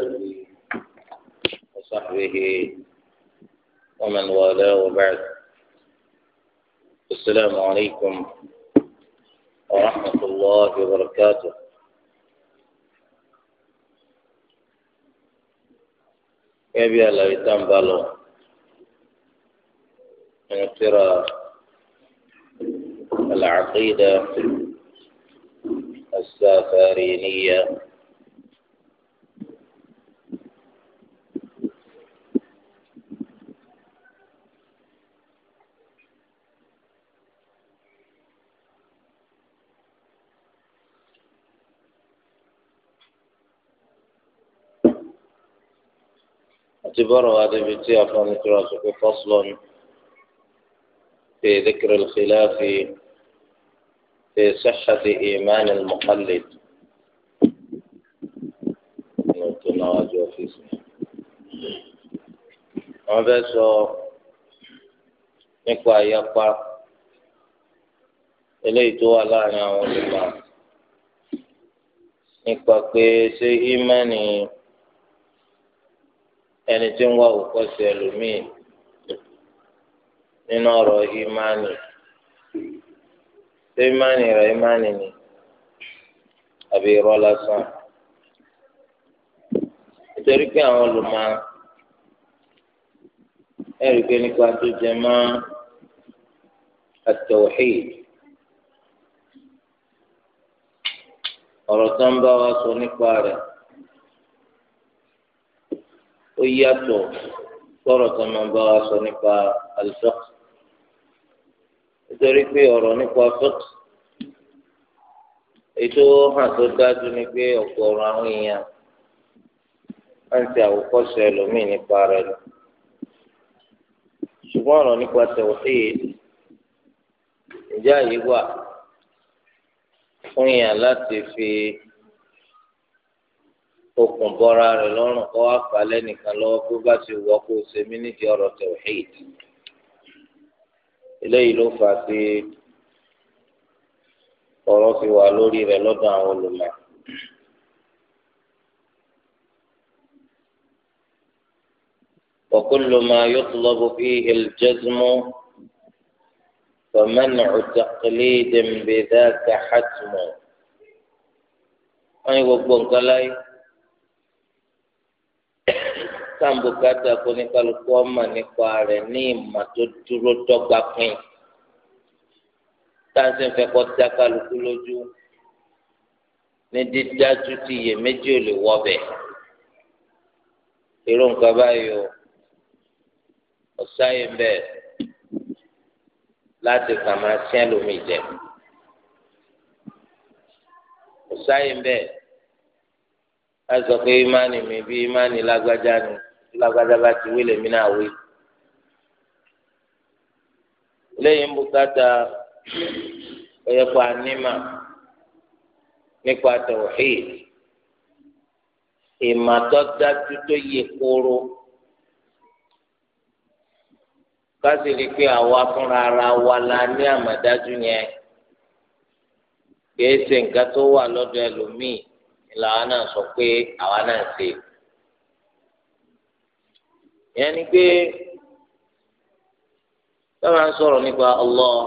آله وصحبه ومن والاه وبعد السلام عليكم ورحمة الله وبركاته يلا يتم بالو من ترى العقيدة السافارينية àti bọ́rọ̀ wa débi tí afọ́nitura sọ pé fọ́sùlọ́n fi dhikri al-khilafi fi sihhati iman al-muqallid. níwájú ọ́fíìsì wọ́n fẹ́ sọ nípa àyapa eléyìí tó wà láàrin àwọn olùkọ́ nípa pé ṣé ímánì. ẹni tí ń wá òkú ọ̀sẹ̀ ẹlòmíì nínú ọ̀rọ̀ ìmánì ṣé ìmánì ìmánì ni àbí irọ́ lásán nítorí pé àwọn olùmọ̀ ẹ̀rí pé nípa tó jẹ mọ́ at ọ̀rọ̀ tó ó yàtọ̀ sọ̀rọ̀ tó máa bá wa sọ nípa alifọ́k nítorí pé ọ̀rọ̀ nípa fọ́k ètò hàn tó dájú ni pé ọ̀pọ̀ ọ̀rọ̀ àwọn èèyàn máa ń ti àwòkọ́ṣe ẹlòmíì nípa rẹ̀ lọ ṣùgbọ́n ọ̀rọ̀ nípa tawhid ìjà yìí wà fún èèyàn láti fi okùn bọ́ra rẹ̀ lọ́rùn kọ́ wá fà lẹ́nìkan lọ́wọ́ kó bá ti wọ́ kó ṣe mí nídìí ọ̀rọ̀ tawhid eléyìí ló fà sí ọ̀rọ̀ fi wà lórí rẹ̀ lọ́dọ̀ àwọn olùmọ̀. وكل ما يطلب فيه الجزم فمنع تقليد بذاك حتم أي وبنك لاي sàǹbùkátà kó ní kálukú ọmọ nípa rẹ̀ ní ìmọ̀ tó dúró dọ́gba pín táǹsì ń fẹ́ kọ́ dá kálukú lójú ní dídájú tí iyèméjì ò lè wọbẹ̀ irú nǹkan báyìí o ọ̀sáyé bẹ́ẹ̀ láti kà máa sí ẹlòmíì jẹ ọ̀sáyé bẹ́ẹ̀ láti sọ pé ìmánì mi bí ìmánì lágbájá ni tí lágbájá bá ti wí lèmi náà wí. lẹ́yìn bùkátà ẹ̀yẹ́pọ̀ ànímà nípa tawhid ìmàtọ́ dájú tó yẹ kóró kásì rí pé àwa fúnra ara wa la ní àmàdájú yẹn kìí ṣe nǹkan tó wà lọ́dọ̀ ẹlòmíì ìlànà sọ pé àwa náà ṣe ìyẹn ni pé sábà ń sọ̀rọ̀ nípa Allah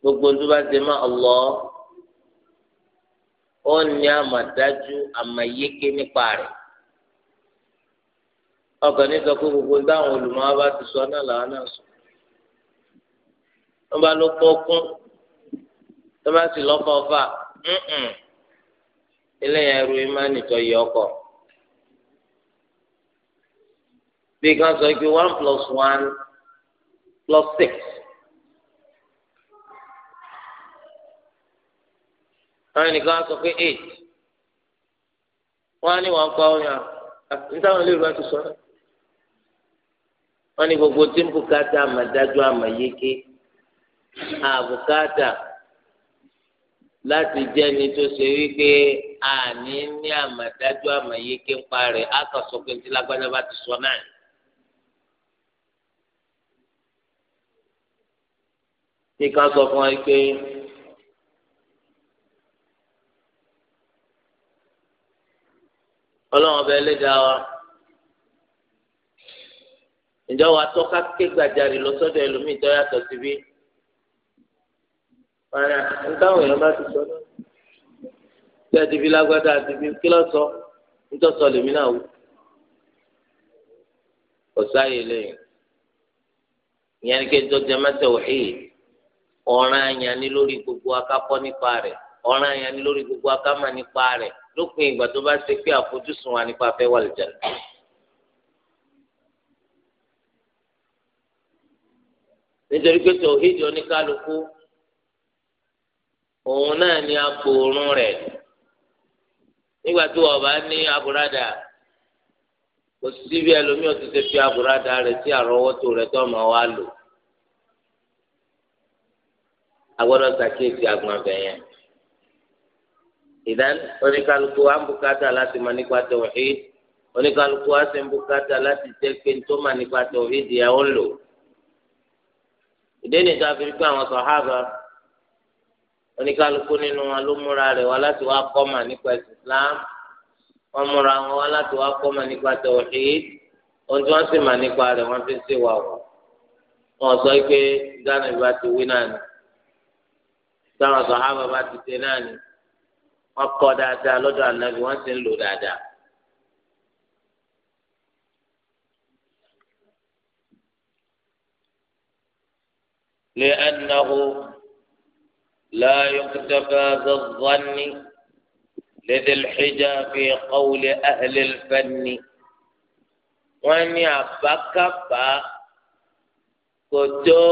gbogbo tó bá ti mọ́ ó ní àmàdájú àmàyéké nípa rẹ̀ ọkàn ní sọ pé gbogbo bá ti sọ náà làwọn náà sọ wọn bá ló pọ̀ kún tó bá sì ile eléyàá ẹrú imáni tó yẹ ọkọ̀. bí kan sọ pé one plus one plus six. àwọn ènìkan sọ pé eight wọ́n á ní wọn pa ọyàn nítawọn ilé ìwé ti sọ náà wọ́n ní gbogbo tí ń bùkátà àmàdájọ àmàyéké àbùkátà láti jẹ́ ẹni tó ṣe wípé àní ní àmàdájọ àmàyéké ń parẹ́ àkàsọ pé ní lágbájá bá ti sọ náà. kí ká sọ fún wa pé ọlọ́run ọba ẹlẹ́dàá wa ǹjẹ́ wàá tọ́ka ké gbàjarì lọ sọ́dọ̀ ẹlòmíì tó yàtọ̀ síbí wàrà nítawọn èèyàn bá ti sọ náà tí a lágbádá àti kí lọ sọ nítorí lèmi náà wò ọ̀sáyé lẹ́yìn ìyẹn ni kí n tó jẹ mẹ́tẹ̀ wọ̀nyí. ọ̀ràn àyàn ni lórí gbogbo akápọ́ nípa rẹ̀ ọ̀ràn àyàn ni lórí gbogbo akámà nípa rẹ̀ lópin ìgbà tó bá ṣe pé àfojúsùn wa nípa fẹ́ wà lìjà. nítorí pé tòhídìí oníkálukú òun náà ni agbòòrùn rẹ̀ nígbà tí ní àbùradà kò sí bí ẹlòmíràn ti ṣe rẹ̀ sí àrọ́wọ́tò rẹ̀ tó agbọ́dọ̀ ṣàkíyèsí agbọn abẹ yẹn ìdán oníkálukú wa ń bùkátà láti mọ̀ nípa tauhid oníkálukú wa sì ń bùkátà láti jẹ́ pé tó mọ̀ nípa tauhid yẹ ó lò ìdí nìjọ abiríkú àwọn sàhábà oníkálukú nínú wọn ló múra rẹ̀ wá láti wá kọ́ mà nípa Islam wọ́n múra wọn wá láti wá kọ́ mà nípa tauhid ohun tí wọ́n sì mà nípa rẹ̀ wọ́n fi ń ṣèwà wọ̀ wọ́n sọ pé gánà ìbá ti wí náà ni táwọn sọ̀hábà bá ti ṣe náà ni wọ́n kọ́ dáadáa lọ́dọ̀ ànábì wọ́n sì ń lò dáadáa. لأنه لا يكتفى بالظن لذي الحجة في قول أهل الفن wọ́n ní àbákàbá kò tó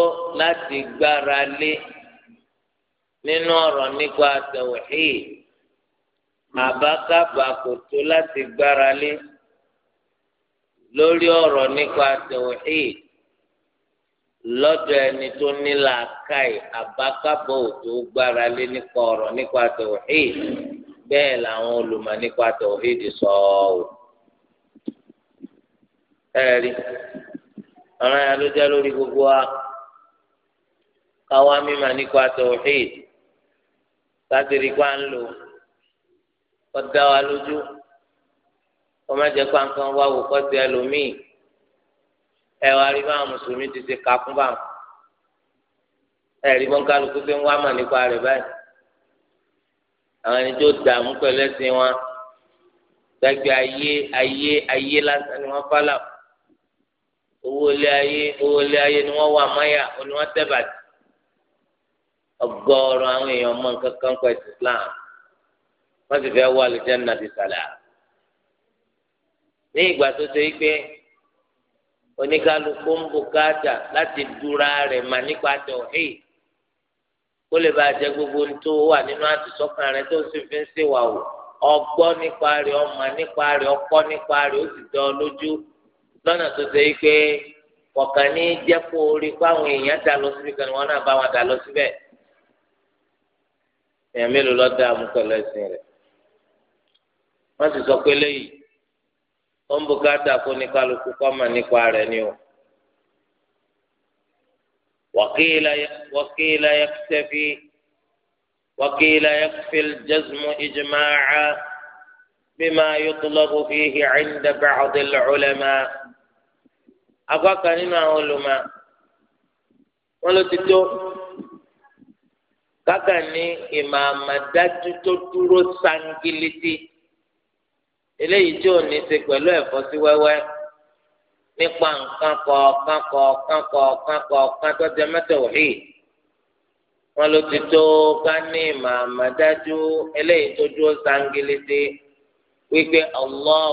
láti gbára lé nínú ọ̀rọ̀ nípa tawhid àbákàbà kò tó láti gbára lé lórí ọ̀rọ̀ nípa tawhid lọ́dọ̀ ẹni tó ní làákàyè àbákàbà ò tó gbára lé nípa ọ̀rọ̀ nípa tawhid bẹ́ẹ̀ làwọn olùmọ̀ nípa sọ ọ́ yẹn ló jẹ́ lórí gbogbo wa sátìrì pa ń lò kọ́ da wa lójú kọ́ má jẹ́ pàǹkan wá wò kọ́ ti ẹlòmíì ẹ wá rí báwọn mùsùlùmí ti ṣe kà fún báwọn ẹ rí bọ́n kálukú ṣe ń wá mà nípa rẹ̀ báyìí àwọn ẹni tó dààmú pẹ̀lú ẹ̀sìn wọn gbàgbé ayé ayé ayé lásán ni wọ́n fálà owó ilé ayé owó ilé ayé ni wọ́n wà máyà ni wọ́n tẹ̀ bàtì. ọgọ́rùn àwọn èèyàn mọ nǹkan kan kọ ẹsẹ islam wọn sì fẹ́ wọ alìjẹnà ti sàlà ní ìgbà tó ṣe pé oníkálukú ń bùkátà láti dúra rẹ̀ mà nípa tọhí kó lè bàa jẹ gbogbo ohun tó wà nínú àtúnṣọkàn tó sì fi ń ṣèwà o ọgbọ́ nípa rẹ̀ ọmọ nípa rẹ̀ ọkọ́ nípa rẹ̀ ó sì dán ọ lójú lọ́nà tó ṣe pé kọ̀ọ̀kan èèyàn mélòó lọ dá amúkọlọ ẹsìn rẹ wọn sì sọ pé léyìí ó ń bùkátà kó ní kálukú kọ́ mà nípa rẹ ni o وقيل يكتفي وقيل يكفي الجزم إجماعا بما يطلب فيه عند بعض العلماء apá kan nínú àwọn olùmọ̀ káka ni ìmọ̀ àmàdájú tó dúró sangiliti eléyìí tí ò ní ṣe pẹ̀lú ẹ̀fọ́ sí wẹ́wẹ́ nípa nǹkan kọ̀ọ̀kan kọ̀ọ̀kan kọ̀ọ̀kan kọ̀ọ̀kan tó jẹ mẹ́tẹ̀wò wọn ló ti tó ká ní ìmọ̀ eléyìí tó dúró sangiliti wípé Allah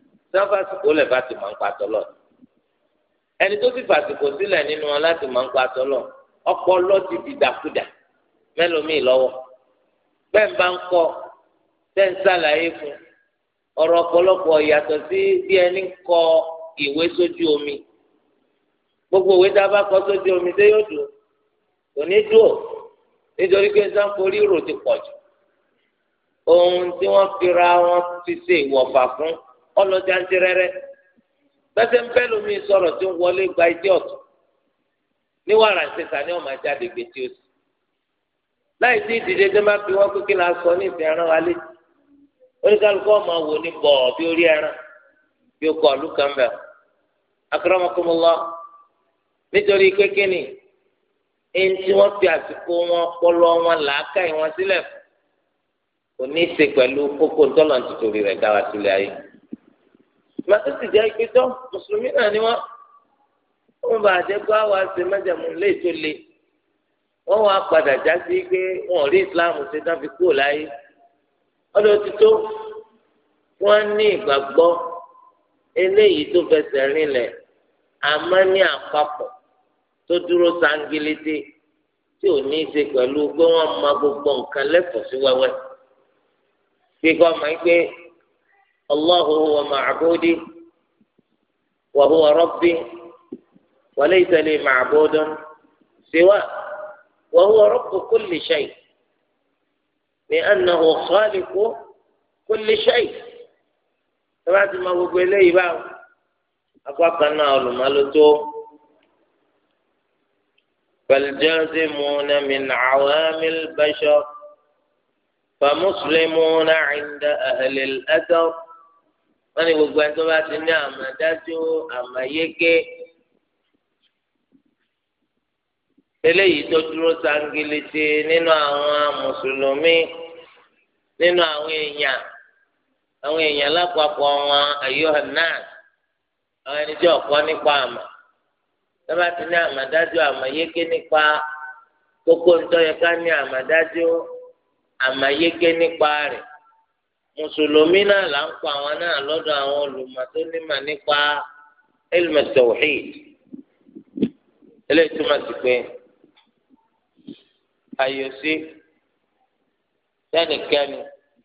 sáfà sìkò lẹ̀ bá ti máa ń patọ́ lọ. ẹni tó ti fàsìkò sílẹ̀ nínú wọn láti máa ń patọ́ lọ ọpọlọ ti di dàkúdà mẹ́lòmíì lọ́wọ́ bẹ́ẹ̀ ń bá ń kọ́ tẹ́ ń sàlàyé fún ọ̀rọ̀ ọ̀pọ̀lọpọ̀ yàtọ̀ sí bí ẹni kọ ìwé sójú omi gbogbo òwe tá a bá kọ sójú omi tó yóò dùn kò ní dùn nítorí pé sanfori rò ti pọ̀ jù ohun tí wọ́n fira wọn ti ṣe ìwọ̀fà fún ọlọ́jà ń ti rẹ́rẹ́ bẹ́sẹ̀ ń bẹ́ lómi sọ̀rọ̀ tí ń wọlé gba etí ọ̀tún ní wàrà ìṣẹ̀ṣà ni wọ́n máa jáde gbé tí ó sì láì sí ìdíje tó máa fi wọ́n pé kí la sọ ní ìfẹ́ ẹran wa oníkálukú ọmọ wò ní bọ̀ bí orí ẹran bí o nítorí kékeré ni ẹni tí wọ́n fi àsìkò gbàtó sì jẹ́ ike tó mùsùlùmí náà ni wọ́n wọ́n bá àjẹgbọ́ àwọn àṣẹ mẹ́jẹ̀mú lè tó le wọ́n wá padà já sí pé wọ́n rí islam ṣe tán fi kúrò láyé ọdún tuntun wọ́n ní ìgbàgbọ́ eléyìí tó fẹsẹ̀ rinlẹ̀ àmọ́ ní àpapọ̀ tó dúró sangilété tí ò ní í ṣe pẹ̀lú pé wọ́n mọ gbogbo nǹkan lẹ́fọ̀ọ́ sí wẹ́wẹ́ kíkọ́ máa ń gbé الله هو معبودي وهو ربي وليس لي معبود سواه وهو رب كل شيء لأنه خالق كل شيء tọ́lájú ما gbogbo eléyìí bá apá kan فالجازمون من عوام البشر فمسلمون عند أهل الأثر wọn ní gbogbo ẹni tó bá ti ní àmàdájú àmàyéké eléyìí tó dúró sangilete nínú àwọn mùsùlùmí nínú àwọn èèyàn àwọn èèyàn lápapọ̀ wọn ayyuhannas àwọn ẹni tí ọ̀kọ́ nípa àmà tó bá ti ní àmàdájú àmàyéké nípa kókó ń tọ́ yẹ ká ní àmàdájú àmàyéké nípa rẹ̀. mùsùlùmí náà là ń pa àwọn náà lọ́dọ̀ àwọn olùmọ̀ tó nímọ̀ nípa ilmu tawhid eléyìí túmọ̀ sí pé àyòsí sẹ́nìkẹ́ni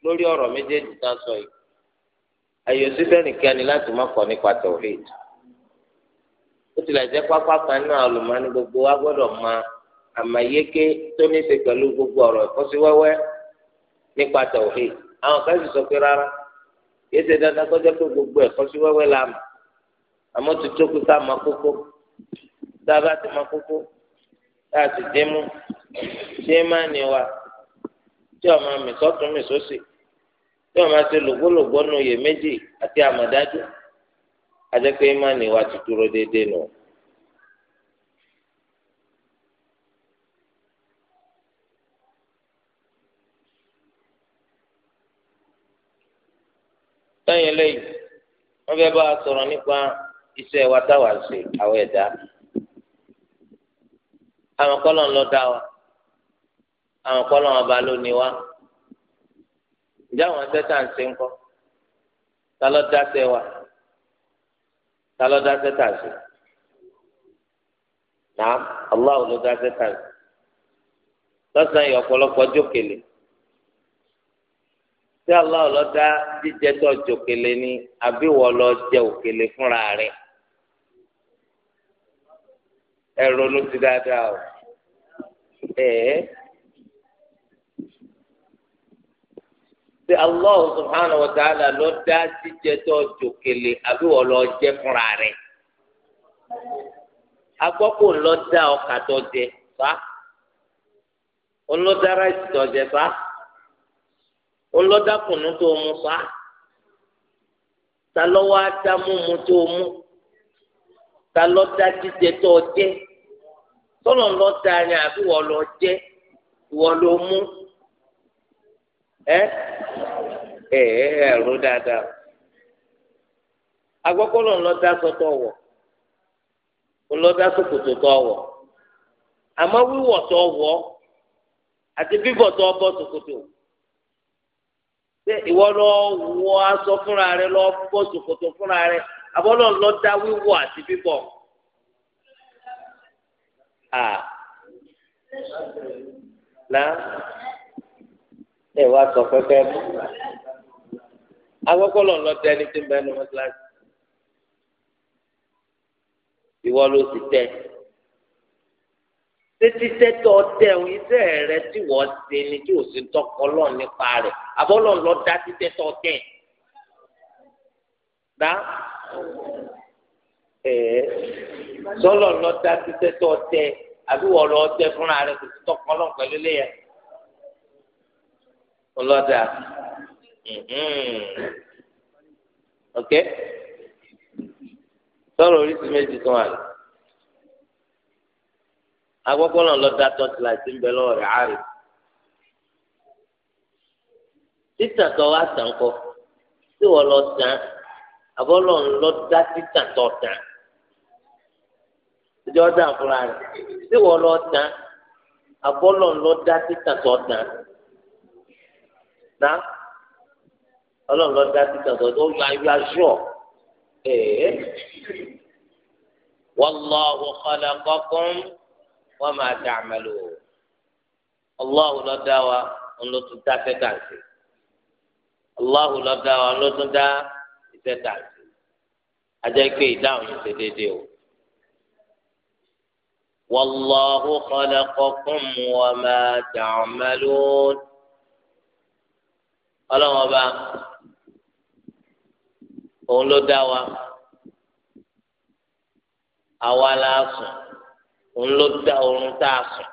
lórí ọ̀rọ̀ méjèèjì tá a sọ yìí àyòsí sẹ́nìkẹ́ni láti má nípa tawhid ó tilẹ̀ jẹ́ pápá kan náà gbogbo wa gbọ́dọ̀ mọ àmàyéké tó ní í ṣe pẹ̀lú gbogbo ọ̀rọ̀ tawhid. àwọn kan sì sọ pé rárá yé ṣe dandan kọjá pé gbogbo ẹ̀kọ́ sí wẹ́wẹ́ la mọ̀ àmọ́ tó jókòó tá a máa kókó tá a bá ti máa kókó tá a sì dé mú ṣé má ní wa tí ọmọ mi sọ́tún mi sósì tí ọmọ ti lògbólògbó nu iyèméjì àti àmọ̀dájú àti má ní wa ti dúró déédéé nù. lẹ́yìn eléyìí wọ́n fẹ́ bá a sọrọ nípa iṣẹ́ wa táwa ṣe àwọn àwọn kọ́lọ̀ ń lọ dá wa àwọn kọ́lọ̀ ń ba wa àwọn tá à ń ṣe ń ta wa ta lọ dá tà sí Allah dá tà sí tí Allah ọlọ́dá dá jíjẹ tó ni àbí wọ́n lọ jẹ òkèlè fúnra rẹ̀ ẹ ronú dáadáa o ẹ̀ẹ́ tí Allah subhanahu wa ta'ala lọ jẹ fúnra rẹ̀ fa fa. ńlọ́dàkùnú tó mu fa ta lọ́wọ́ ata múmu tó mu ta lọ́dà jíjẹ tó jẹ tọ́lọ̀ ńlọ́dà ni àbí wọ́n lọ jẹ wọ́n lọ mú ẹ ẹ ẹ rú dáadáa agbọ́kọ́lọ́ ńlọ́dà sọ́tọ̀ wọ̀ ńlọ́dà sọ́kòtò tọ̀ wọ̀ àmọ́ wíwọ̀ tọ̀ wọ̀ àti bíbọ̀ tọ̀ bọ́ sọ́kòtò pé ìwọ lọ wọ aṣọ fúnra rẹ lọ bọ́ ṣòkòtò fúnra rẹ àbọ̀lọ́ lọ dá wíwọ àti bíbọ̀. là ẹ wá sọ pẹpẹ bọ akọkọ lọ lọ dá ẹni tí ń bẹ ẹnu mọ síláàsì ìwọ ló ti tẹ títí tẹ́tọ́ tẹ̀hún iṣẹ́ rẹ tí wọ́n ṣe ni tí òsì tọkọ lọ́n nípa rẹ̀ àbọ̀lọ́ lọ dá títẹ́ tọ́ tẹ̀. dá ẹ̀ẹ́ sọ́lọ̀ lọ dá títẹ́ tọ́ tẹ̀ àbí wọ́n lọ tẹ fúnra rẹ̀ kò sí tọkọ lọ́n pẹ̀lú lẹ́yẹ. ọlọ́dà ok sọ̀rọ̀ oríṣi méjì kan wà lọ agbọ́kọ́ náà lọ dá tọ́tí láti ń bẹ lọ́wọ́ rẹ̀ àárẹ̀ títàn tó wá tàn kọ tí wọ́n lọ tàn àbọ̀lọ́ ń lọ dá títàn tó tàn ìjọ dàn fúnra rẹ̀ tí wọ́n lọ tàn àbọ̀lọ́ ń lọ tó tàn ná ọlọ́run lọ dá títàn tó tàn ó yọ ayé aṣọ ẹ̀ẹ́ wallahu khalaqakum wa ma ta'malun Allahu ló dá wa òun ló tún dá sẹ́tàǹsì Allahu ló dá wa òun ló tún dá sẹ́tàǹsì ajẹ́ pé ìdáhùn yìí ṣe déédéé o. والله خلقكم وما تعملون ọlọ́run ọba òun ló dá wa àwa la sùn òun ló dá oorun tá a sùn.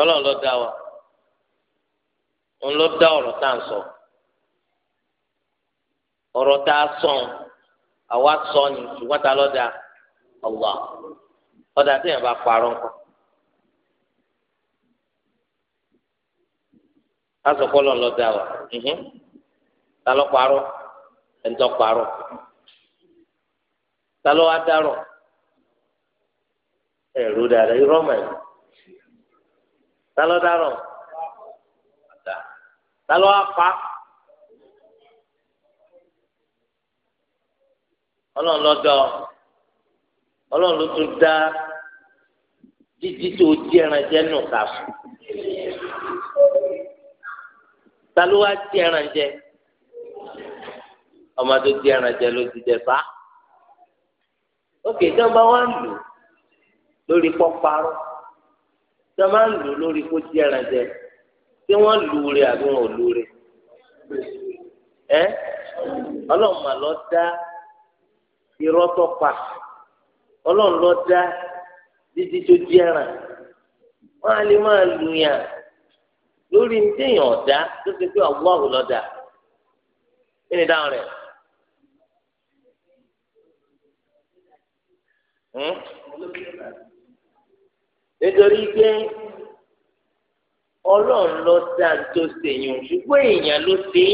ọlọ́run ló wa òun ló dá ọ̀rọ̀ tá a sọ ọ̀rọ̀ tá a sọ àwa sọ ni ṣùgbọ́n ta ló ọ̀wà ọ̀dà wa. Mhm. talọ kparọ ẹnitọ kparọ talọ adarọ ẹrú eh, dara irọ́ mọ ẹ talọ darọ talọ afa Ọlọ́run lọdọ Ọlọ́run ló tún dá títí tó di ẹran jẹ nù ká fún talọ wa ọmọ tó di ẹran jẹ ló ti jẹ fa ókè tó ń bá wá lò lórí pọ́ parọ́ tó máa ń lò lórí kó di ẹran jẹ tí wọn lù rẹ àbí wọn ò lù rẹ ẹ mà lọ dá irọ́ tó pa lọ dá títí tó di Hm? nítorí pé ọlọ́run ló dá tó ṣèyàn ṣùgbọ́n èèyàn ló dé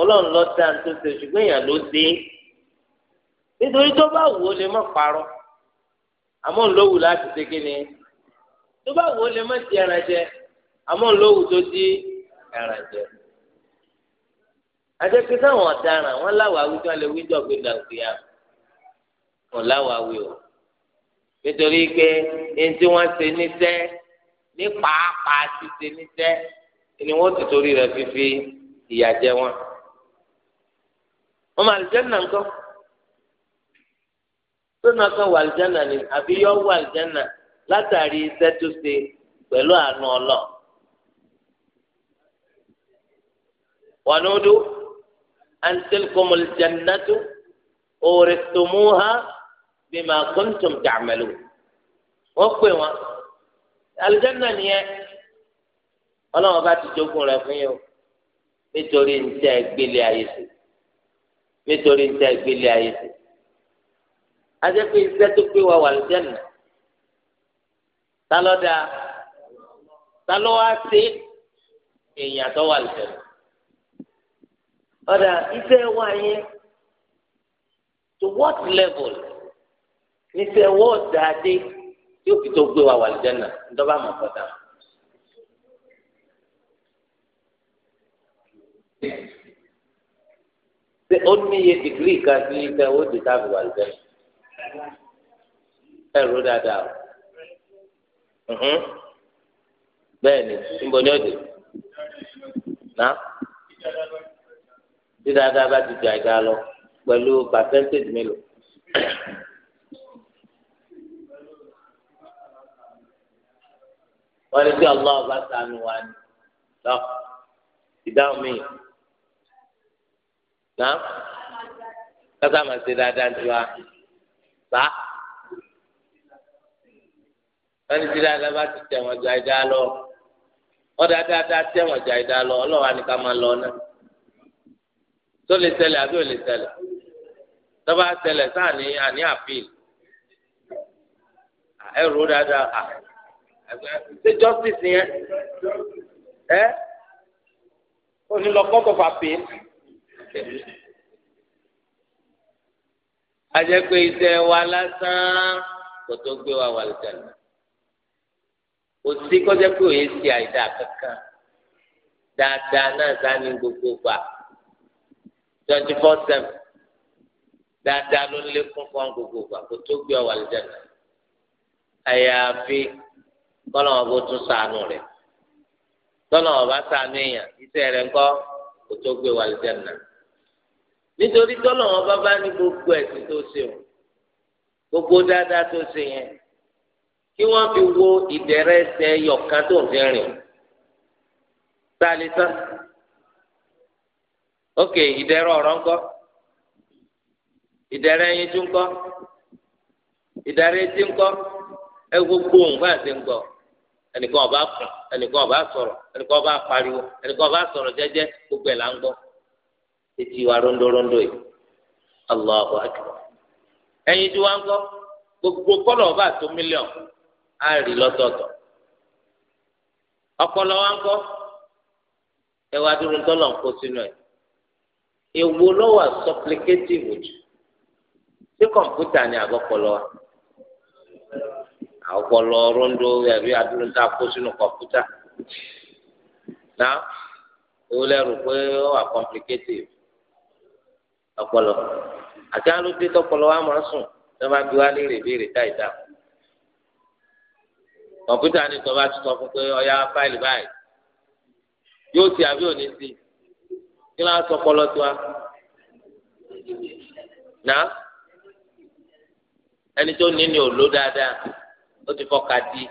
ọlọ́run ló dá tó ṣe ṣùgbọ́n èèyàn ló dé nítorí tó bá ó lè má parọ́ àmọ́ ń lówù láti ṣe kí ni tó bá wù ó lè má ti ẹran jẹ àmọ́ di ẹran jẹ àjẹpẹ́ ọ̀daràn wọn wíjọ́ yàrá. ọ̀làwàwí o nítorí pé ẹni tí wọ́n ṣe níṣẹ́ ní pàápàá ti ṣe níṣẹ́ ni wọ́n ti torí rẹ̀ fífi ìyà jẹ wọn. wọ́n máa àlùjánnà ńkọ́ tó náà kan wà àlùjánnà ni àbí yọ wà àlùjánnà látàrí iṣẹ́ tó ṣe pẹ̀lú àánú ọlọ́ọ̀. ونودوا أن تلكم الجنة أورثتموها bima kuntum ta'malun wọ́n pè wọ́n aljanna nìyẹn ọlọ́run bá ti jogún rẹ̀ fún yín o nítorí níta ìgbélé ayé sí nítorí níta ìgbélé ayé sí adẹ́pẹ́ iṣẹ́ tó pé wa wà aljanna talọ́dà talọ́wá èèyàn tó wà aljanna ọ̀dà iṣẹ́ wa yẹn to what level níṣẹ́ wọ́ọ̀ dáadé yóò fi tó gbé wa wà lìjánà ńdọ́bà mọ̀ kọ́ta. ṣé ó ní iye dìgírì kan sí iṣẹ́ owó ti táàbù wà lìjánà? ẹ rò dáadáa o. bẹ́ẹ̀ ni níbo ni ó dé? ná tí dáadáa bá ti jù àìdá lọ pẹ̀lú pàṣẹ́ntéèjì mélòó? wọ́n ní bí Allah bá sànù wa ni lọ ìdáhùn mi náà kásá máa ṣe dáadáa ju wa sá wọ́n ní bí dáadáa bá ti tẹ̀ wọ́n ju àìdá lọ wọ́n dáadáa tẹ̀ wọ́n ju àìdá lọ ọlọ́wà ni ká máa lọ náà tó lè ṣẹlẹ̀ àbí ò lè ṣẹlẹ̀ tó bá sáà ní àní àfíì ẹrù dáadáa ṣé justice yẹn ẹ onílọ court of appeal ajẹ́ pé iṣẹ́ wa lásán kò tó gbé wa wà lùjànnà kò sí kọjá pé òye ṣe àìdá kankan dáadáa náà sáni gbogbo gbà twenty four seven dáadáa ló ń lékún fún gbogbo gbà kò tó gbé wa wà lùjànnà àyàfi kọ́lọ́wọ́n bó tún sànù rẹ̀ tọ́lọ́wọ́n bá sànù èèyàn iṣẹ́ rẹ̀ ńkọ́ kó tó gbé wà lìjẹ́nà nítorí tọ́lọ́wọ́n bá bá ní gbogbo ẹ̀sìn tó ṣe o gbogbo dáadáa tó ṣe yẹn kí wọ́n fi wo ìdẹ̀rẹ̀ ẹsẹ̀ yọ̀kan tó ń fi rìn sálísán ókè ìdẹ̀rẹ̀ ọ̀rọ̀ ńkọ́ ìdẹ̀rẹ̀ ẹyin tún kọ́ ìdẹ̀rẹ̀ etí ńkọ́ ẹ gbogbo òǹfà ti ń ẹnìkan ọba kùn ẹnìkan ọba sọrọ ẹnìkan ọba pariwo ẹnìkan ọba sọrọ jẹ́jẹ́ gbogbo ẹ̀ là ń gbọ́ etí wa rondorondo yìí Allahu akbar ẹyin tí wọn gbọ́ gbogbo kọlọ ọba tó mílíọn á rí lọ́tọ̀ọ̀tọ̀ ọpọlọ wa ń kọ́ ẹ wá dúró tọlọ ń kó sínú ẹ èwo ló supplicative jù sí ni àbọ̀pọ̀lọ wa. ọpọlọ rondo ẹbí adúlọta kó sínú kọ̀mpútà na o lẹ́rù pé ó wà complicated ọpọlọ àti alóde tọpọlọ wa máa sùn tó bá bí wá léèrè béèrè táì dá kọ̀mpútà ni tó ti sọ fún pé ọya fáìlì báyìí yóò ti àbí òní sí kí ló ń sọ ọpọlọ na ẹni tó ní ni ò dáadáa. ó ti fọkà di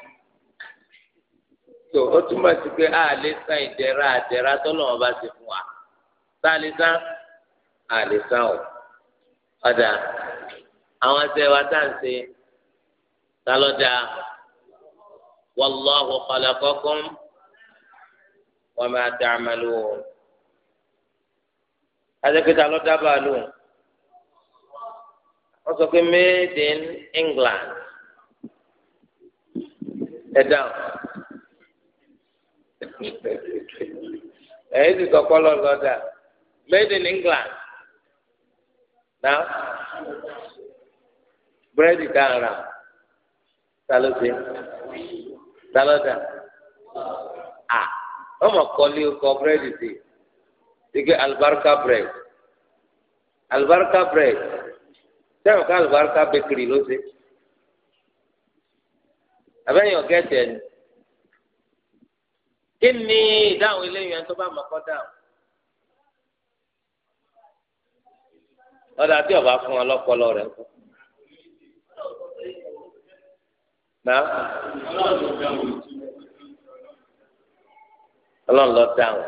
tó ó túmọ̀ sí pé a lè san ìdẹ̀ra àdẹ̀ra tọ́lọ̀ wọn bá ti fún wa tá a lè san a lè san o padà àwọn ẹsẹ wa tá à ń ṣe tá ló dáa wàlláhu khalaqakum wa ma ta'malun adékèta ló dábàá lóhùn wọ́n sọ pé made in England ẹ dáhùn ẹ̀yìn ti kọ́kọ́ lọ lọ́dà made in England na búrẹ́dì tá a rà ta ló dé ta lọ́dà à ọmọ kọ́lé kọ́ búrẹ́dì sí ike alibarika bread alibarika bread sẹ́wọ̀n ká alibarika bakery ló dé. abẹ́yẹn ọ̀gẹ́tẹ̀ ni kí ni ìdáhùn eléyìí ẹni tó bá mọ̀ dáhùn. ọ̀dà tí ọba fún rẹ̀ kú. ọlọ́run lọ dáhùn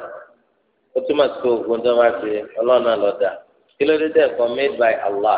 ó túmọ̀ sí pé ogun tó ṣe ọlọ́run náà lọ made by Allah.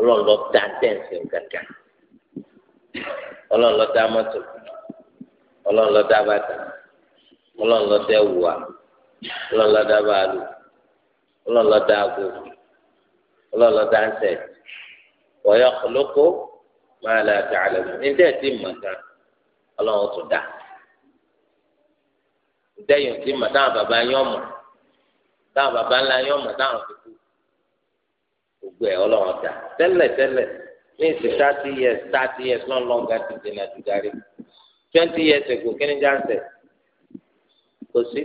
ọlọ́run lọ dá tẹ̀sí gàgà ọlọ́run lọ dá mọ́tò ọlọ́run lọ dá bàtà ọlọ́run lọ dá ìwà ọlọ́run lọ dá bàálù ọlọ́run lọ dá aago ọlọ́run lọ wọ́yọ̀ máa la dàlẹ́ mu ní ọlọ́run tó dá tí mọ̀ bàbá bàbá ńlá gbogbo ẹ̀ ọlọ́run dà tẹ́lẹ̀ tẹ́lẹ̀ ní ìsìn thirty years thirty years náà lọ́ngà ti dènà àdúgbàrí twenty years ago kí ni jáǹsẹ̀ kò sí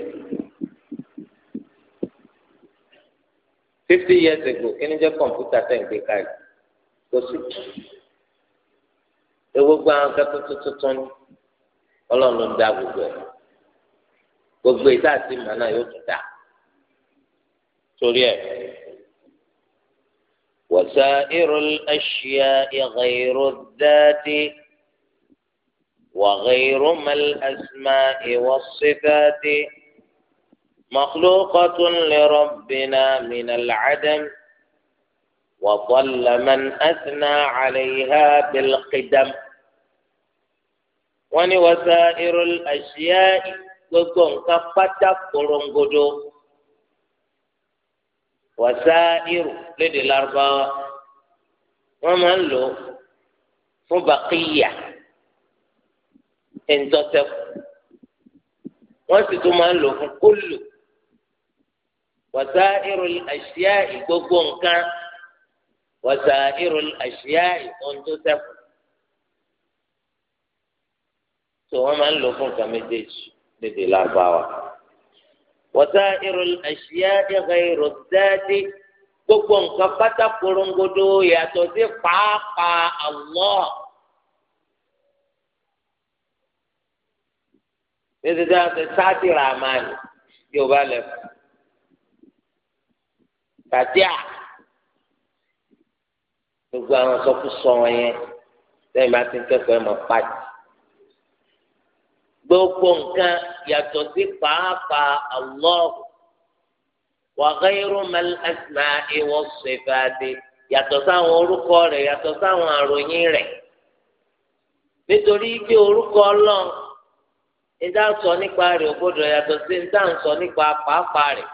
fifty years ago kí ni jẹ́ kọ̀ǹpútà tẹ̀ ń gbé káyì kò sí ewu gba kẹ́kọ̀ọ́ tuntun ọlọ́run ló ń dá gbogbo ẹ̀ gbogbo ìta àti ìmọ̀ náà yóò tún dá torí ẹ̀. وسائر الأشياء غير الذات وغير ما الأسماء والصفات مخلوقة لربنا من العدم وضل من أثنى عليها بالقدم وني وسائر الأشياء gbogbo nǹkan pátá wasairu lédè Lárúbáwá wọn máa ń lò fún bàkìyà ẹnitọ́tẹ́kù wọn sì tún máa ń lò fún kólù wasairu àṣìyá ìgbógbó nǹkan wasairu àṣìyá ìkọ́ńtọ́tẹ́kù tó wọn máa ń lò fún nǹkan méjèèjì Lárúbáwá. وسائر الأشياء غير الذات gbogbo nǹkan pátá korongodo yàtọ̀ sí pàápàá Allah títí tí a ṣe sáàtì ramani yóò bá lẹ fún tàtíà gbogbo àwọn sọkúsọ wọn yẹn lẹ́yìn bá ti ń kẹ́kọ̀ọ́ ẹ mọ pàtì gbogbo nǹkan yàtọ̀ sí pàápàá Allah wa ghayru mal asma'i was sifati yàtọ̀ sáwọn orúkọ rẹ̀ yàtọ̀ sáwọn àròyìn rẹ̀ nítorí pé orúkọ ọlọ́run níta sọ nípa rẹ̀ ògbọ́dọ̀ yàtọ̀ sí níta sọ nípa pàápàá rẹ̀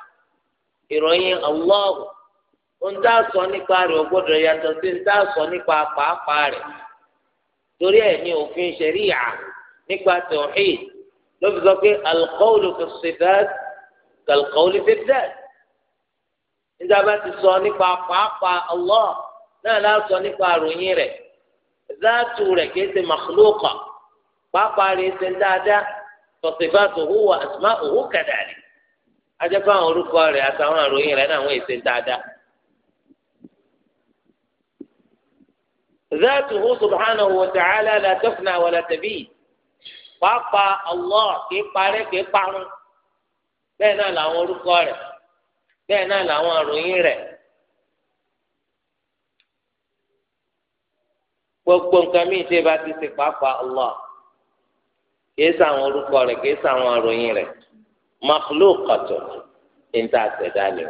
ìròyìn Allah níta sọ nípa rẹ̀ ògbọ́dọ̀ yàtọ̀ sí níta sọ nípa pàápàá rẹ̀ torí ẹ̀ ní òfin ṣẹ̀ríyà. nípa tauhid ló fi sọ pé alqawlu fi sifat kalqawli fi dhat níta bá ti sọ nípa pàápàá Allah náà náà sọ nípa àròyìn rẹ̀ záàtù rẹ̀ kìí ṣe makhluqa pàápàá rẹ̀ ṣe dáadáa sifatuhu wa asma'uhu kadhalik ajẹ́pọ̀ àwọn orúkọ rẹ̀ àtàwọn àròyìn rẹ̀ náà wọ́n èsè dáadáa. ذاته سبحانه وتعالى لا تفنى ولا تبيد pàápàá Allah kìí parẹ́ kìí parun bẹ́ẹ̀ náà làwọn orúkọ rẹ̀ bẹ́ẹ̀ náà làwọn àròyìn rẹ̀ gbogbo nǹkan mìíràn tí bá ti ṣe pàápàá Allah kìí sàwọn orúkọ rẹ̀ kìí sàwọn àròyìn rẹ̀ makhluqatu níta àṣẹ̀dá ni o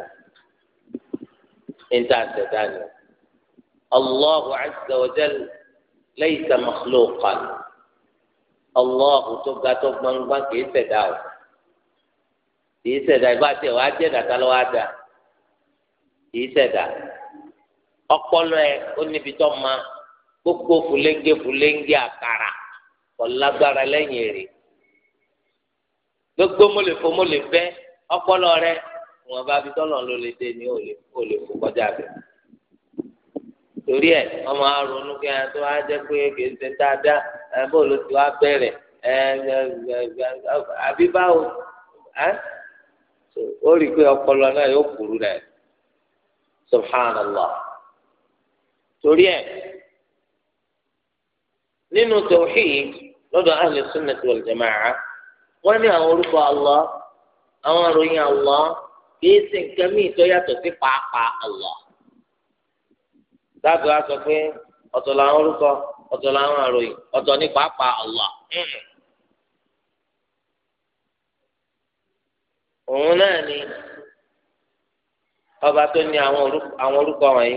níta àṣẹ̀dá ni o Allahu azza ọlọ́ọ̀hún tó ga tó gbangba kìí ṣẹ̀dá o kìí ṣẹ̀dá ìgbà tí ẹ̀ wá jẹ́ dàtà lọ́wọ́ àdá kìí ṣẹ̀dá ọpọlọ ẹ ó níbi tó ma gbogbo fúlẹ́ńgé fúlẹ́ńgé àkàrà ọ̀lágbára lẹ́yìn èrè gbogbo mo lè ọpọlọ rẹ wọn bá bí tọ́lọ̀ ló lè dé ni ó lè fò kọjá bẹ́ẹ̀. torí ẹ ọmọ aronú kí ẹ tó wá jẹ pé kì í ṣe dáadáa ẹ bó ló ti ẹ ẹ ẹ àbí báwo ẹ ó rí i pé ọpọlọ náà yóò kúrú rẹ subhanallah torí ẹ nínú tawhid lọ́dọ̀ ahli sunnati ní àwọn orúkọ Allah àwọn àròyìn Allah dáàbò á sọ pé ọ̀tọ̀ làwọn orúkọ ọ̀tọ̀ làwọn àròyìn ọ̀tọ̀ ní pàápàá Allah. Hmm. òun náà ni ọba tó ní àwọn orúkọ wọ̀nyí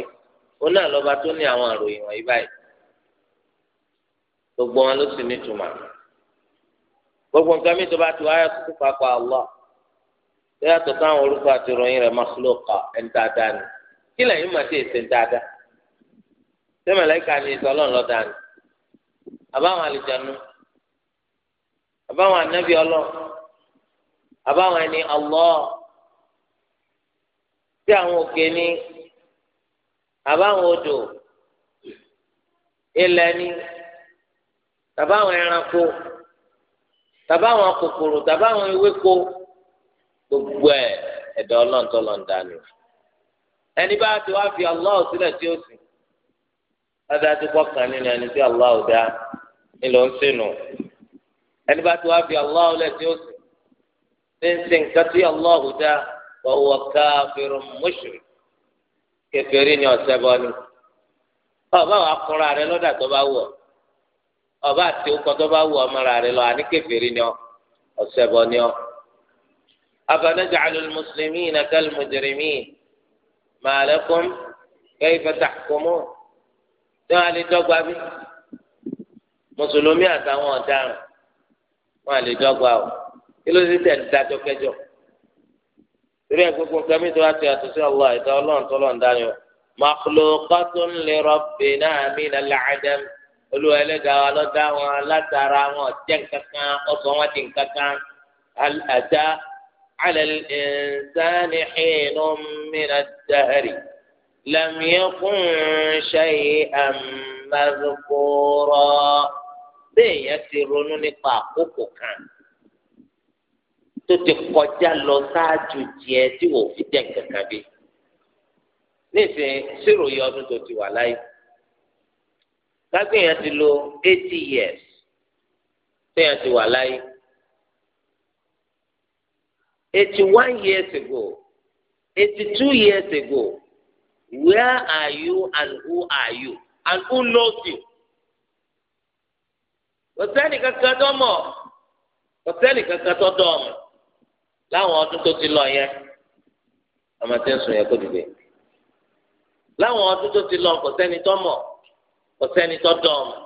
òun náà lọ́ba tó ní àwọn àròyìn wọ̀nyí báyìí gbogbo wọn ló sì ní tùmọ̀ gbogbo nǹkan mi tó bá tu ayé kúkú pàápàá Allah tó yàtọ̀ sáwọn orúkọ àti ìròyìn rẹ̀ makhluqa ẹ̀ ń dáadáa ni kí lẹ́yìn mà sí èsè ń dáadáa. ṣé màláìka ni ìtọ́ ọlọ́run lọ́dà ni àbáwọn àlìjánu àbáwọn anábì ọlọ àbáwọn ẹni ọlọ sí àwọn òkè ni àbáwọn odò ilẹ̀ ni tàbáwọn ẹranko tàbáwọn kòkòrò tàbáwọn ewéko gbogbo ẹ̀ ẹ̀dọ̀ ọlọ́run tó lọ́n dànù ẹni bá ti adájú kọkàn nínú ẹni tí aláwọ dá ńlọ ń sínú ẹni bá tó wá fi aláwọ lẹsí ó sì ń sin nǹkan tí aláwọ dá wọ́wọ́ káfírun mọ́ṣúrì kèfèrí ni ọ̀sẹ̀ bọ́ ni ọba wa kọ́ra rẹ lọ́dà tó bá wù ọ́ ọba àti okọ tó bá wù ọ́ rẹ lọ àní kèfèrí ni ọ̀sẹ̀ bọ́ ni ọ́. أفنجعل المسلمين كالمجرمين ما لكم كيف تحكمون tí wọ́n á lè dọ́gba bí mùsùlùmí àtàwọn ọ̀daràn wọ́n á lè dọ́gba o kí ló dé tẹ̀ ń dájọ́ kẹjọ torí ẹ gbogbo nǹkan mi tó wá ti àtúnṣe ọlọ́ ìta ọlọ́run tó lọ́n dáyọ makhluqatun li rabbina min al-adam olúwa ẹlẹ́dàá wa lọ́dá wọn látara wọn jẹ́ nǹkankan ọ̀sọ̀ wọn di nǹkankan al-ata ala al-insani hinun min ad-dahri. لم يكن شيئا مذكورا béèyàn ti ronú nípa àkókò kan tó ti kọjá lọ ṣáájú tiẹ̀ tí wò fi jẹ kankan bí nísìnyí síròyìn ọdún tó ti wà láyé lágbèyàn ti lò eighty years téèyàn ti wà láyé eighty one years ago eighty two years ago. Where are you and who are you and who knows you? Kò sẹ́ni kankan tó mọ̀, kò sẹ́ni kankan tó dọ̀ mọ̀. Láwọn ọdún tó ti lọ yẹn, ọmọ tí ń sùn yẹn kò dìde. Láwọn ọdún tó ti lọ kò sẹ́ni tó mọ̀, kò sẹ́ni tó dọ̀ mọ̀.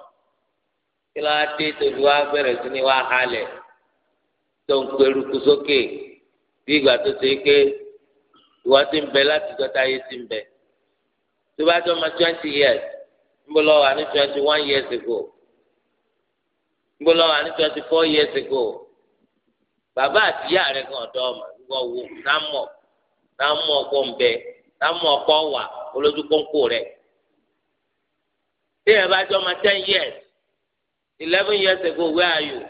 Kí ló á dé tóbi wá bẹ̀rẹ̀ sí ni wá halẹ̀ tó ń peruku sókè bí ìgbà tó ṣe é pé ìwà ti ń bẹ láti gbọ́ta ayé ti ń bẹ tó bá jọ ma twenty years níbo lọ wà ní twenty one years ago níbo lọ wà ní twenty four years ago bàbá àtìyá rẹ kan ọ̀dọ́ ọmọ ìwọ wo sámọ̀ sámọ̀ ọkọ̀ ń bẹ sámọ̀ ọkọ̀ wà olójú kónkó rẹ tí ẹ bá jọ ma ten years eleven years ago where are you?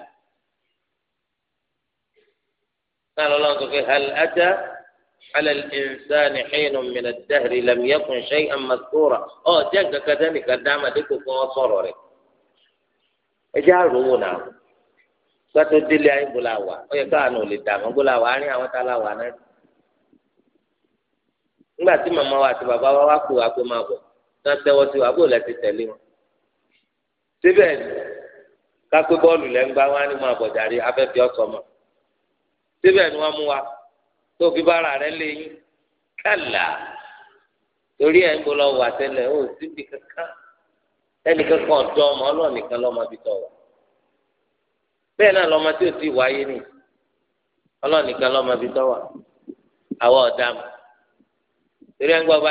قال الله تعالى هل أتى على الإنسان حين من الدهر لم يكن شيئا مذكورا أو جنك كذلك دام ديكو وصرر إجار رونا kátó délé ayé ńgbó la wà ó yẹ káàánú lè dà mọ́ a wa tó fi bára rẹ léyìn kálá torí ẹ̀ ń lọ wà tẹ́lẹ̀ ó síbi kankan ẹnì kankan ọmọ ọlọ́ọ̀ nìkan lọmọ bí tọ̀ náà lọmọ tí ò ti wáyé ni ọlọ́ọ̀ nìkan lọmọ bí tọ̀ wá àwọn torí ń báyà gbogbo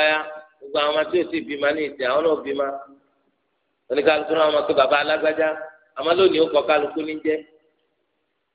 àwọn ọmọ tí ò ti ní ìsìn àwọn náà oníkàlùkù náà bàbá alágbájá lónìí ó kálukú ní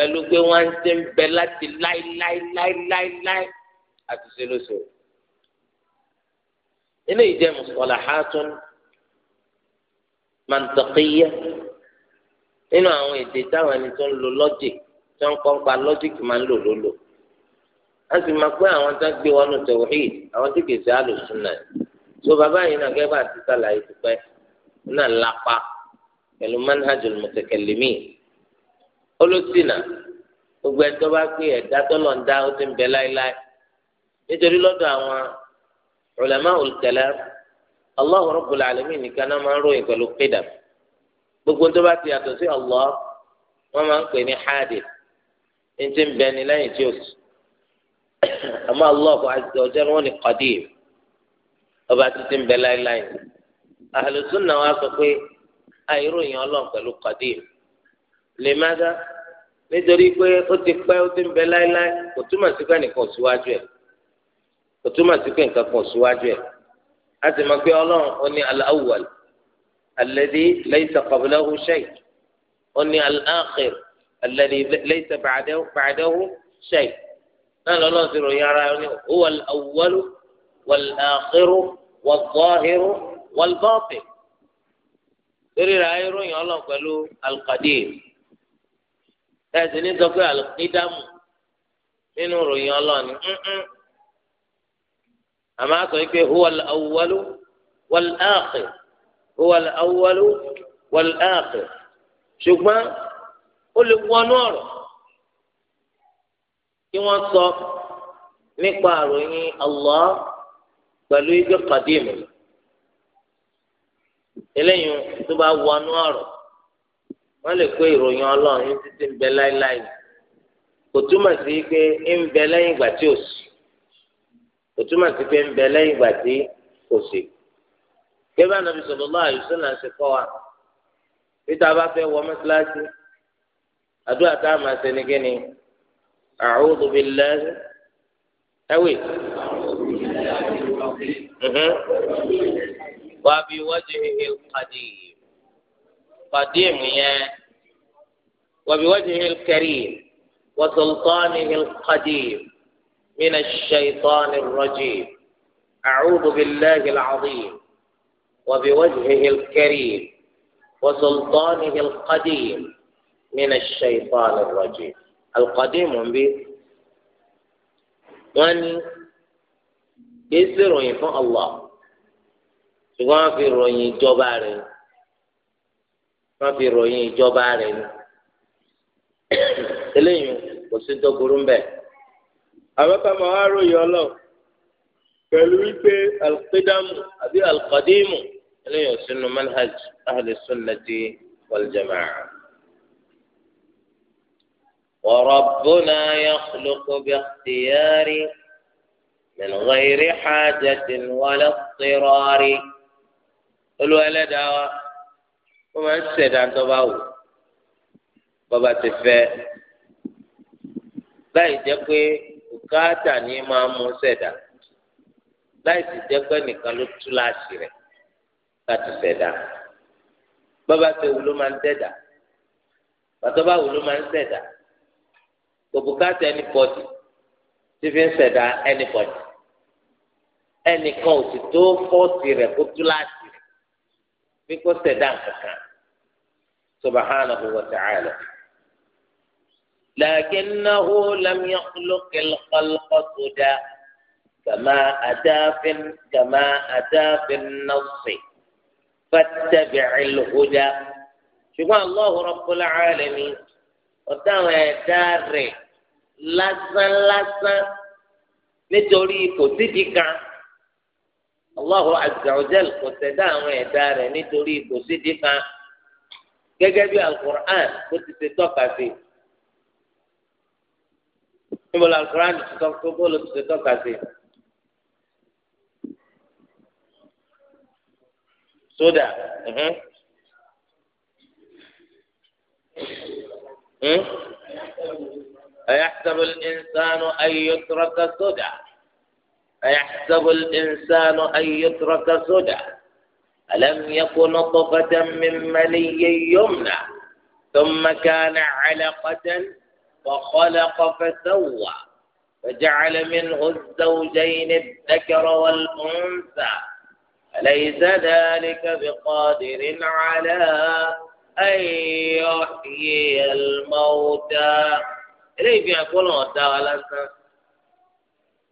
pẹ̀lú pé wọ́n ti ń bẹ láti láíláíláíláí àti ṣe lóṣù. eléyìí jẹ́ mustalahatun mantaqiyya nínú àwọn èdè táwọn ẹni tó ń lo logic tó ń kọ́ nípa logic máa ń lò lólò. a sì máa pé àwọn tó ń gbé wọnú tawhid àwọn tí kìí ṣe àlùsùnà tó bàbá yìí náà gẹ́gẹ́ ti sàlàyé ti náà lápá pẹ̀lú manhajul mutakallimin. olóṣìnà gbogbo ẹni tó bá pé ẹ̀dá tọ́lọ̀ ń dá ó ti ń bẹ láéláé nítorí lọ́dọ̀ àwọn ulama al-kalam Allahu Rabbul nìkan náà máa ń ròyìn gbogbo tó bá ti yàtọ̀ sí ọ ma máa ń pè ní hadith ní ti ń bẹ ní lẹ́yìn tí sì ń bẹ láéláé sọ pé àìròyìn lè má dá nítorí pé ó ti pẹ́ ó ti ń bẹ láéláé kò túmọ̀ sí pé nìkan síwájú ẹ̀ kò túmọ̀ sí pé nǹkan kan síwájú ẹ̀ a sì mọ̀ pé ọlọ́run ó ní al-awwal alladhi laysa qablahu ó ní al-akhir alladhi laysa ba'dahu náà lọ́lọ́run ti ròyìn ara ní huwa al-awwal wal-akhir wal-zahir wal-batin. ra ayé ròyìn ọlọ́run pẹ̀lú al ẹsìn ní sọ pé àlùkídàmù nínú ròyìn ọlọ́ọ̀ni àmọ́ a sọ pé huwal awwalu wal akhir huwal awwalu wal akhir ṣùgbọ́n ó lè wọnú ọ̀rọ̀ kí wọ́n sọ nípa àròyìn Allah pẹ̀lú ibi kàdíìmù eléyìí tó bá wọnú ọ̀rọ̀ wọ́n lè pé ìròyìn ọlọ́run ní títí ń bẹ láéláé kò túmọ̀ sí pé ń bẹ lẹ́yìn ìgbà tí ò sí kò túmọ̀ sí pé ń bẹ lẹ́yìn ìgbà tí kò sí. kébà nàbí sallallahu alaihi wasallam ṣe kọ́ wa títa bá fẹ́ wọ mọ́sálásí àdúrà tá a máa ṣe ni kíni a'udhu billahi ẹ̀wì mhm. wa bi wajhihi al-qadim. قديم يا وبوجهه الكريم وسلطانه القديم من الشيطان الرجيم أعوذ بالله العظيم وبوجهه الكريم وسلطانه القديم من الشيطان الرجيم القديم به وأن يسر الله ṣùgbọ́n wọ́n wọ́n fi ròyìn ìjọba rẹ̀ ni eléyìí kò sí tó burú bẹ. àwọn kan máa wá ròyìn ọlọ pẹ̀lú wípé alqidamu àbí alqadimu eléyìí sínú manhaj ahli sunnati wal jama'a. وربنا يخلق باختيار من غير حاجة ولا اضطرار قل ولا دواء wọ́n máa ń ṣẹ̀dá tó bá wù bọ́ba ti fẹ́ láì jẹ́ pé bùkátà ni máa mú ṣẹ̀dá láì sì jẹ́ pé nìkan ló tú láàṣì rẹ̀ láti ṣẹ̀dá bọ́ba ti wù ló máa ń ṣẹ̀dá bàtọ́ bá wù ló máa ń ṣẹ̀dá kò bùkátà anybody tí fi ń ṣẹ̀dá anybody ẹnìkan ò sì tó fọ́ọ̀sì rẹ̀ kó tú láàṣì bí kò ṣẹ̀dá kankan subhanahu wa ta'ala. لكنه لم يخلق الخلق سدى كما أتى في كما أتى في النص فاتبع الهدى ṣùgbọ́n Allah Rabbul Alamin ọ̀tá àwọn ẹ̀dá rẹ̀ lásán lásán nítorí kò sídìí kan Allahu azza wa jal kò ṣẹ̀dá àwọn ẹ̀dá rẹ̀ nítorí ìgbòsídìí kan gẹ́gẹ́ bí alukur'an tó ti ṣe tọ́ka sí níbo la alukur'an ti tọ́ka bó ló ti ṣe tọ́ka sí. sódà hmm? ayahsabu al-insanu an yutraka sódà. أيحسب الإنسان أن يترك سدى ألم يك نطفة من مني يمنى ثم كان علقة فخلق فسوى فجعل منه الزوجين الذكر والأنثى أليس ذلك بقادر على أن يحيي الموتى إليه في أقول وتعالى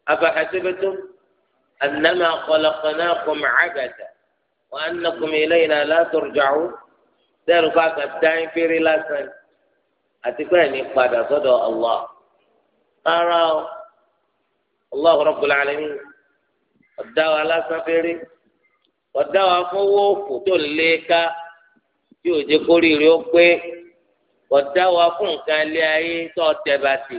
أفحسبتم أنما خلقناكم عبثا وأنكم إلينا لا ترجعون sẹ́rù bá ka dáin fèrè lásán àti bẹ́ẹ̀ ni padà sọ́dọ̀ allah rárá o allah rabbul alamin ọ̀dá wa lásán fèrè ọ̀dá wa fowó òfò tó lé ká tí òjò kórìírí ó pé ọ̀dá wa fún nǹkan ilé ayé tó tẹ̀ bá ti.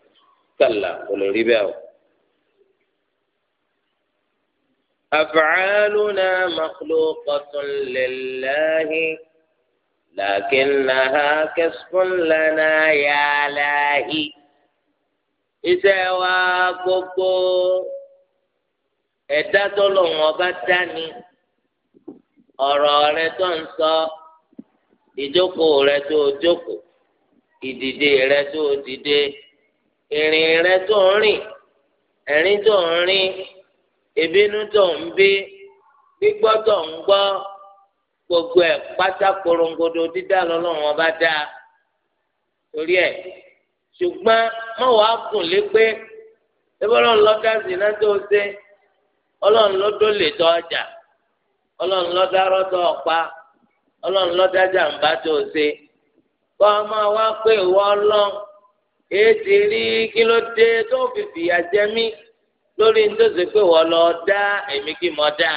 kàlà kò lè rí bẹ́ẹ̀ o. أفعالنا مخلوقة لله لكنها كسب لنا يا لاهي iṣẹ́ wa gbogbo ẹ̀dá tó lòun ọba dání ọ̀rọ̀ rẹ tó ń sọ ìjókòó rẹ tó jókòó ìdìde rẹ tó dìde. ìrìn rẹ tó ń rìn ẹ̀rín tó ń rìn ìbínú tó ń bí gbígbọ́ ń gbọ́ gbogbo ẹ̀ pátá korongodo dídá lọ́lọ́run ọba dá torí ẹ̀ ṣùgbọ́n lé pé sí tó ṣe ọlọ́run lè tọ́ ọjà ọlọ́run ọ̀pá ọlọ́run ọ máa èsì rí kí ló dé tó fi fìyà jẹ mí lórí ní tó ṣe pé wọ́n lọ dá èmi kí mo dá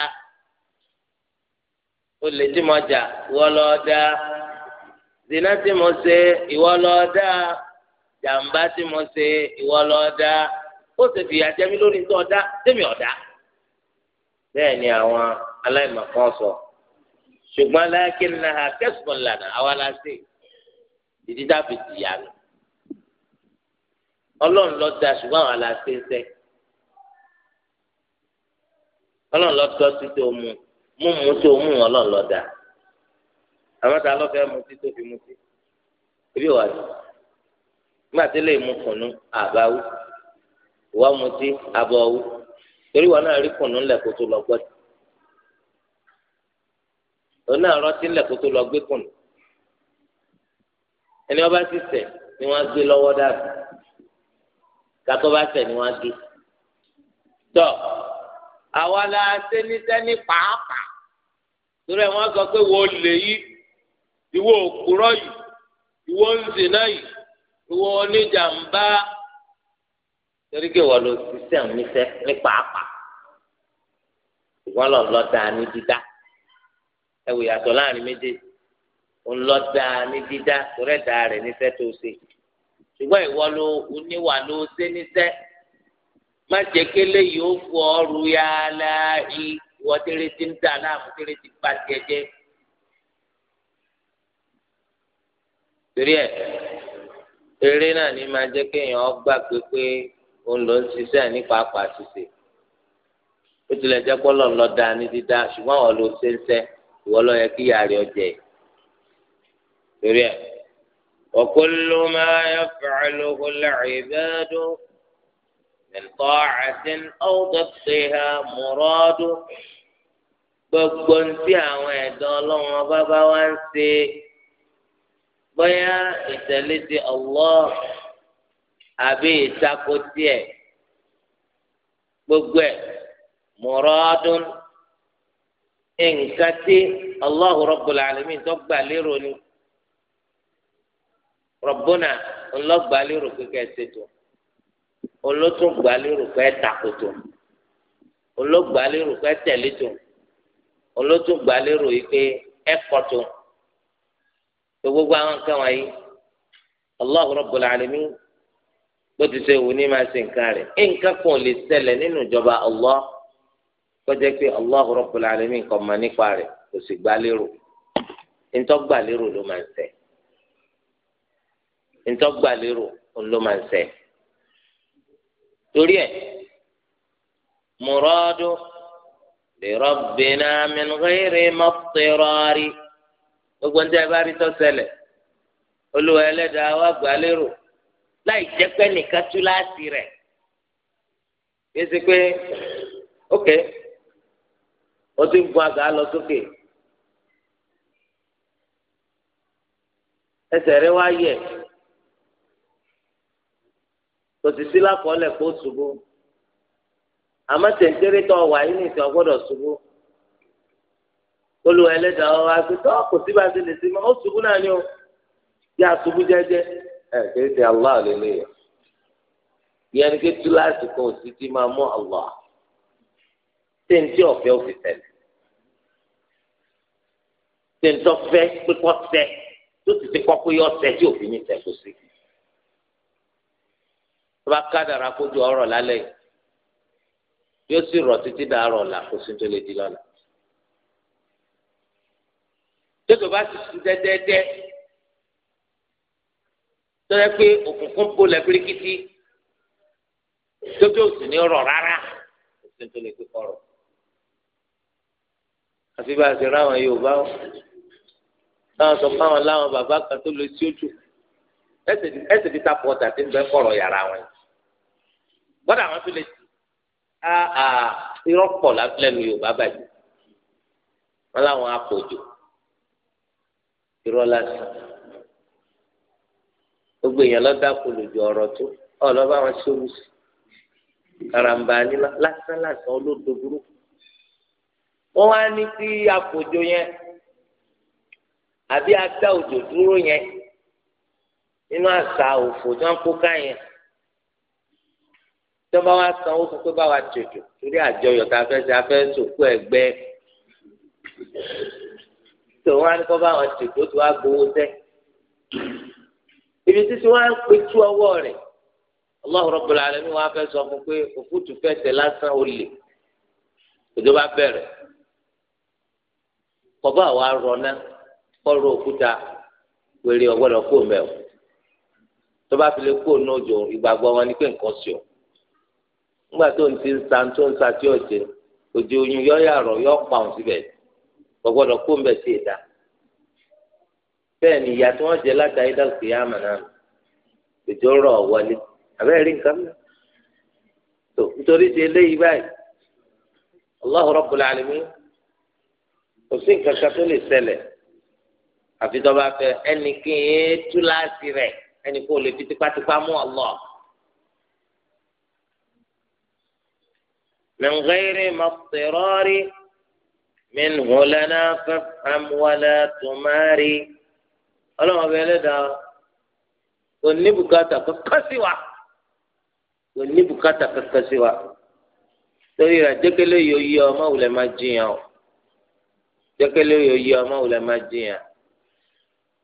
olè tí mo jà wọ́n lọ dá zina tí mo ṣe ìwọ lọ dá jàǹbá tí mo ṣe ìwọ lọ dá ó ṣe fìyà jẹ mí lórí ní tó dá tèmi ọ̀dá bẹ́ẹ̀ ni àwọn aláìmọ̀kan sọ ṣùgbọ́n lákínnáhà kẹsùn lànà àwa la ṣe ìdí dábìtì yàrá ọlọ́run ló dá ṣùgbọ́n àwọn aláṣẹ ń sẹ́ ọlọ́run ló tọ́ sí tó mu mú mu tó mú ọlọ́run ló dá àwọn tá a lọ́ fẹ́ mutí tó fi mutí ebi wà lọ nígbà tí lè mu kùnú àbáwú ìwà mutí abọ́wú torí wọn náà rí kùnú ńlẹ̀ kó tó lọ gbọ́ òun náà rọtí ńlẹ̀ kó tó lọ gbé ti ṣẹ̀ ni wọ́n gbé lọ́wọ́ dàbí gàtọ́ bá tẹ̀ ni wọ́n gé tọ́ àwa la sẹ́nisẹ́ni pàápàá torí ẹ̀ wọ́n sọ pé wo lè yí ìwọ òkúrọ̀ yìí ìwọ nzìnà yìí ìwọ oníjàmbá torí kí wọ́n lọ sísẹ́ níṣẹ́ ní pàápàá ìwọ́n lọ lọ dáa ní dídá ẹ yàtọ̀ láàrin méjèèjì ń dáa ní dídá torí ẹ̀ dáa rẹ̀ níṣẹ́ tó ṣe. ṣùgbọ́n ìwọ ló oníwà ló ṣe níṣẹ́ má jẹ́ yìí ó fọ ọrù ya láàyè ìwọ tẹ́lẹ̀ ti ń dà láàmú tẹ́lẹ̀ ti bá tiẹ̀ jẹ́. ẹ eré náà ni máa jẹ́ kéèyàn gbà pé pé òun ló ń ṣiṣẹ́ nípa apá ó tilẹ̀ jẹ́ lọ da ní dídá ṣùgbọ́n ló ṣe وكل ما يفعله العباد من طاعة أو ضدها مراد gbogbo ntí àwọn ẹ̀dọ́ ọlọ́run bàbá wa ń ṣe bóyá ìtẹ̀lé ti Allah àbí ìtakò tiẹ̀ gbogbo ẹ̀ muradun nǹkan tí Allahu Rabbul Alamin tó gbà lérò ni rọ̀bùnà ńlọ́gbàlérò pé ẹ̀ṣẹ̀tò olótùgbàlérò pé ẹ̀tàkùtò ológbàlérò pé ẹ̀tẹ̀lẹ́tò olótùgbàlérò yìí pé ẹ̀kọ́tò tó gbogbo àwọn nǹkan wọ̀nyí Allahu Rabbul Alamin bó ti ṣe wù ní máa ṣe nǹkan rẹ̀ nǹkan kan ò lè ṣẹlẹ̀ nínú ìjọba Allah kọjá pé Allahu Rabbul Alamin kò mọ̀ nípa rẹ̀ kò sì gbàlérò ntọ́gbàlérò ló máa ń ṣẹ ntọ́gba lérò ló máa ń ṣe. torí ẹ̀ mùrọ́dù li rabbina min ghairi mọ́tìrọ́rì gbogbo ń tẹ́ bá rí tọ́sẹ̀lẹ̀ olùwà ẹlẹ́dàá wa gbà lérò láì jẹ́ pé nìkan tú láti rẹ̀ yéésì pé ok ó ti gun àgá lọ sókè. ẹsẹ̀ rẹ wá yẹ̀ tòsí sí lákọọ́lẹ̀ kó ṣubú àmọ́ tẹ̀ǹtẹ̀rẹ̀ tó wà yìí nìkan gbọ́dọ̀ ṣubú olùwà ẹlẹ́dàá ọ wá sí tó kò sí bá a ti lè sí mọ́ ó ṣubú náà ni o yà ṣubú jẹ́jẹ́ ẹ̀ kìí ṣe allah lélẹ̀ yẹn ìyẹn ni kí túláàsì kan máa mú allah tẹ̀ǹtì ọ̀fẹ́ ò tẹ̀lé tó ti ti kọ́ pé tó bá kádàrá kójú ọ̀rọ̀ lálẹ́ yóò sì rọ̀ títí dàárọ̀ ọ̀la kó sì tó lè di lọ́la tótó bá sì sùn dẹ́dẹ́dẹ́ tọ́jà pé òkùnkùn bó lẹ pírikítí tótó sì ní rọ̀ rárá kó sì tó lè pé kọ̀rọ̀ àfi bá a ṣe ráwọn Yorùbá o táwọn sọ fáwọn láwọn bàbá kan tó lè sí ojú ẹsẹ̀ fi ta pọ̀ tàbí ń bẹ́ kọ̀rọ̀ yàrá wọn yìí gbọ́dọ̀ àwọn tó lè ti aa irọ́ pọ̀ lẹ́nu yorùbá bàjẹ́ wọn làwọn apòjò irọ́ lásán gbogbo èèyàn lọ́dàkùn lòdì ọ̀rọ̀ tó ọlọ́ba wọn ṣòwò sí karamba ni lásán lásán olódo burúkú wọn wá ní kí apòjò yẹn àbí adá òjò dúró yẹn nínú àṣà òfò tí wọn kó ká yẹn tí wọn bá wá san owó fún pé bá wa tètè torí àjọyọ̀ tá a fẹ́ ṣe a fẹ́ sòkú ẹgbẹ́ tó wọn á ní kó bá wọn tètè ó ti wá gbowó sẹ́ ibi títí wọn á pe tú ọwọ́ rẹ̀ Allahu Rabbul Alamin wọn á fẹ́ sọ fún pé òkútu fẹ́ tẹ̀ lásán olè òjò bá bẹ̀rẹ̀ kọba wa rọ ná kọrọ òkúta wèrè ọgbọdọ kó mẹ o tó bá fi lè kó n'ojo ìgbàgbọ́ wọn ni pé nǹkan sí o ńgbà tó ń ti ń sa tó ń sa tí ò jẹ òjò oyún yọ yàrá yọ pa òun síbẹ̀ gbọ́dọ̀ kó ń bẹ̀ sí ìdá bẹ́ẹ̀ ni ìyá tí wọ́n jẹ láti ayédá òkè yá náà òjò rọ̀ wọlé àbẹ́rẹ́ rí nǹkan mọ́ tó nítorí ti eléyìí báyìí Allahu Rabbul Alamin kò sí nǹkan kan tó lè ṣẹlẹ̀ àfi tó bá fẹ́ ẹnì kí n tú láti rẹ̀ ẹnì kó lè fi tipátipá mú Allah. من غير ما اضطرار منه لنا فافهم ولا تماري ọlọ́run ọba ẹlẹ́dàá kò ní bùkátà kankan sí wa kò ní bùkátà kankan sí wa torí rẹ̀ jẹ́kẹ́lẹ́ yóò yí ọmọ òwúlẹ̀ máa jiyàn o jẹ́kẹ́lẹ́ yóò yí ọmọ òwúlẹ̀ máa jiyàn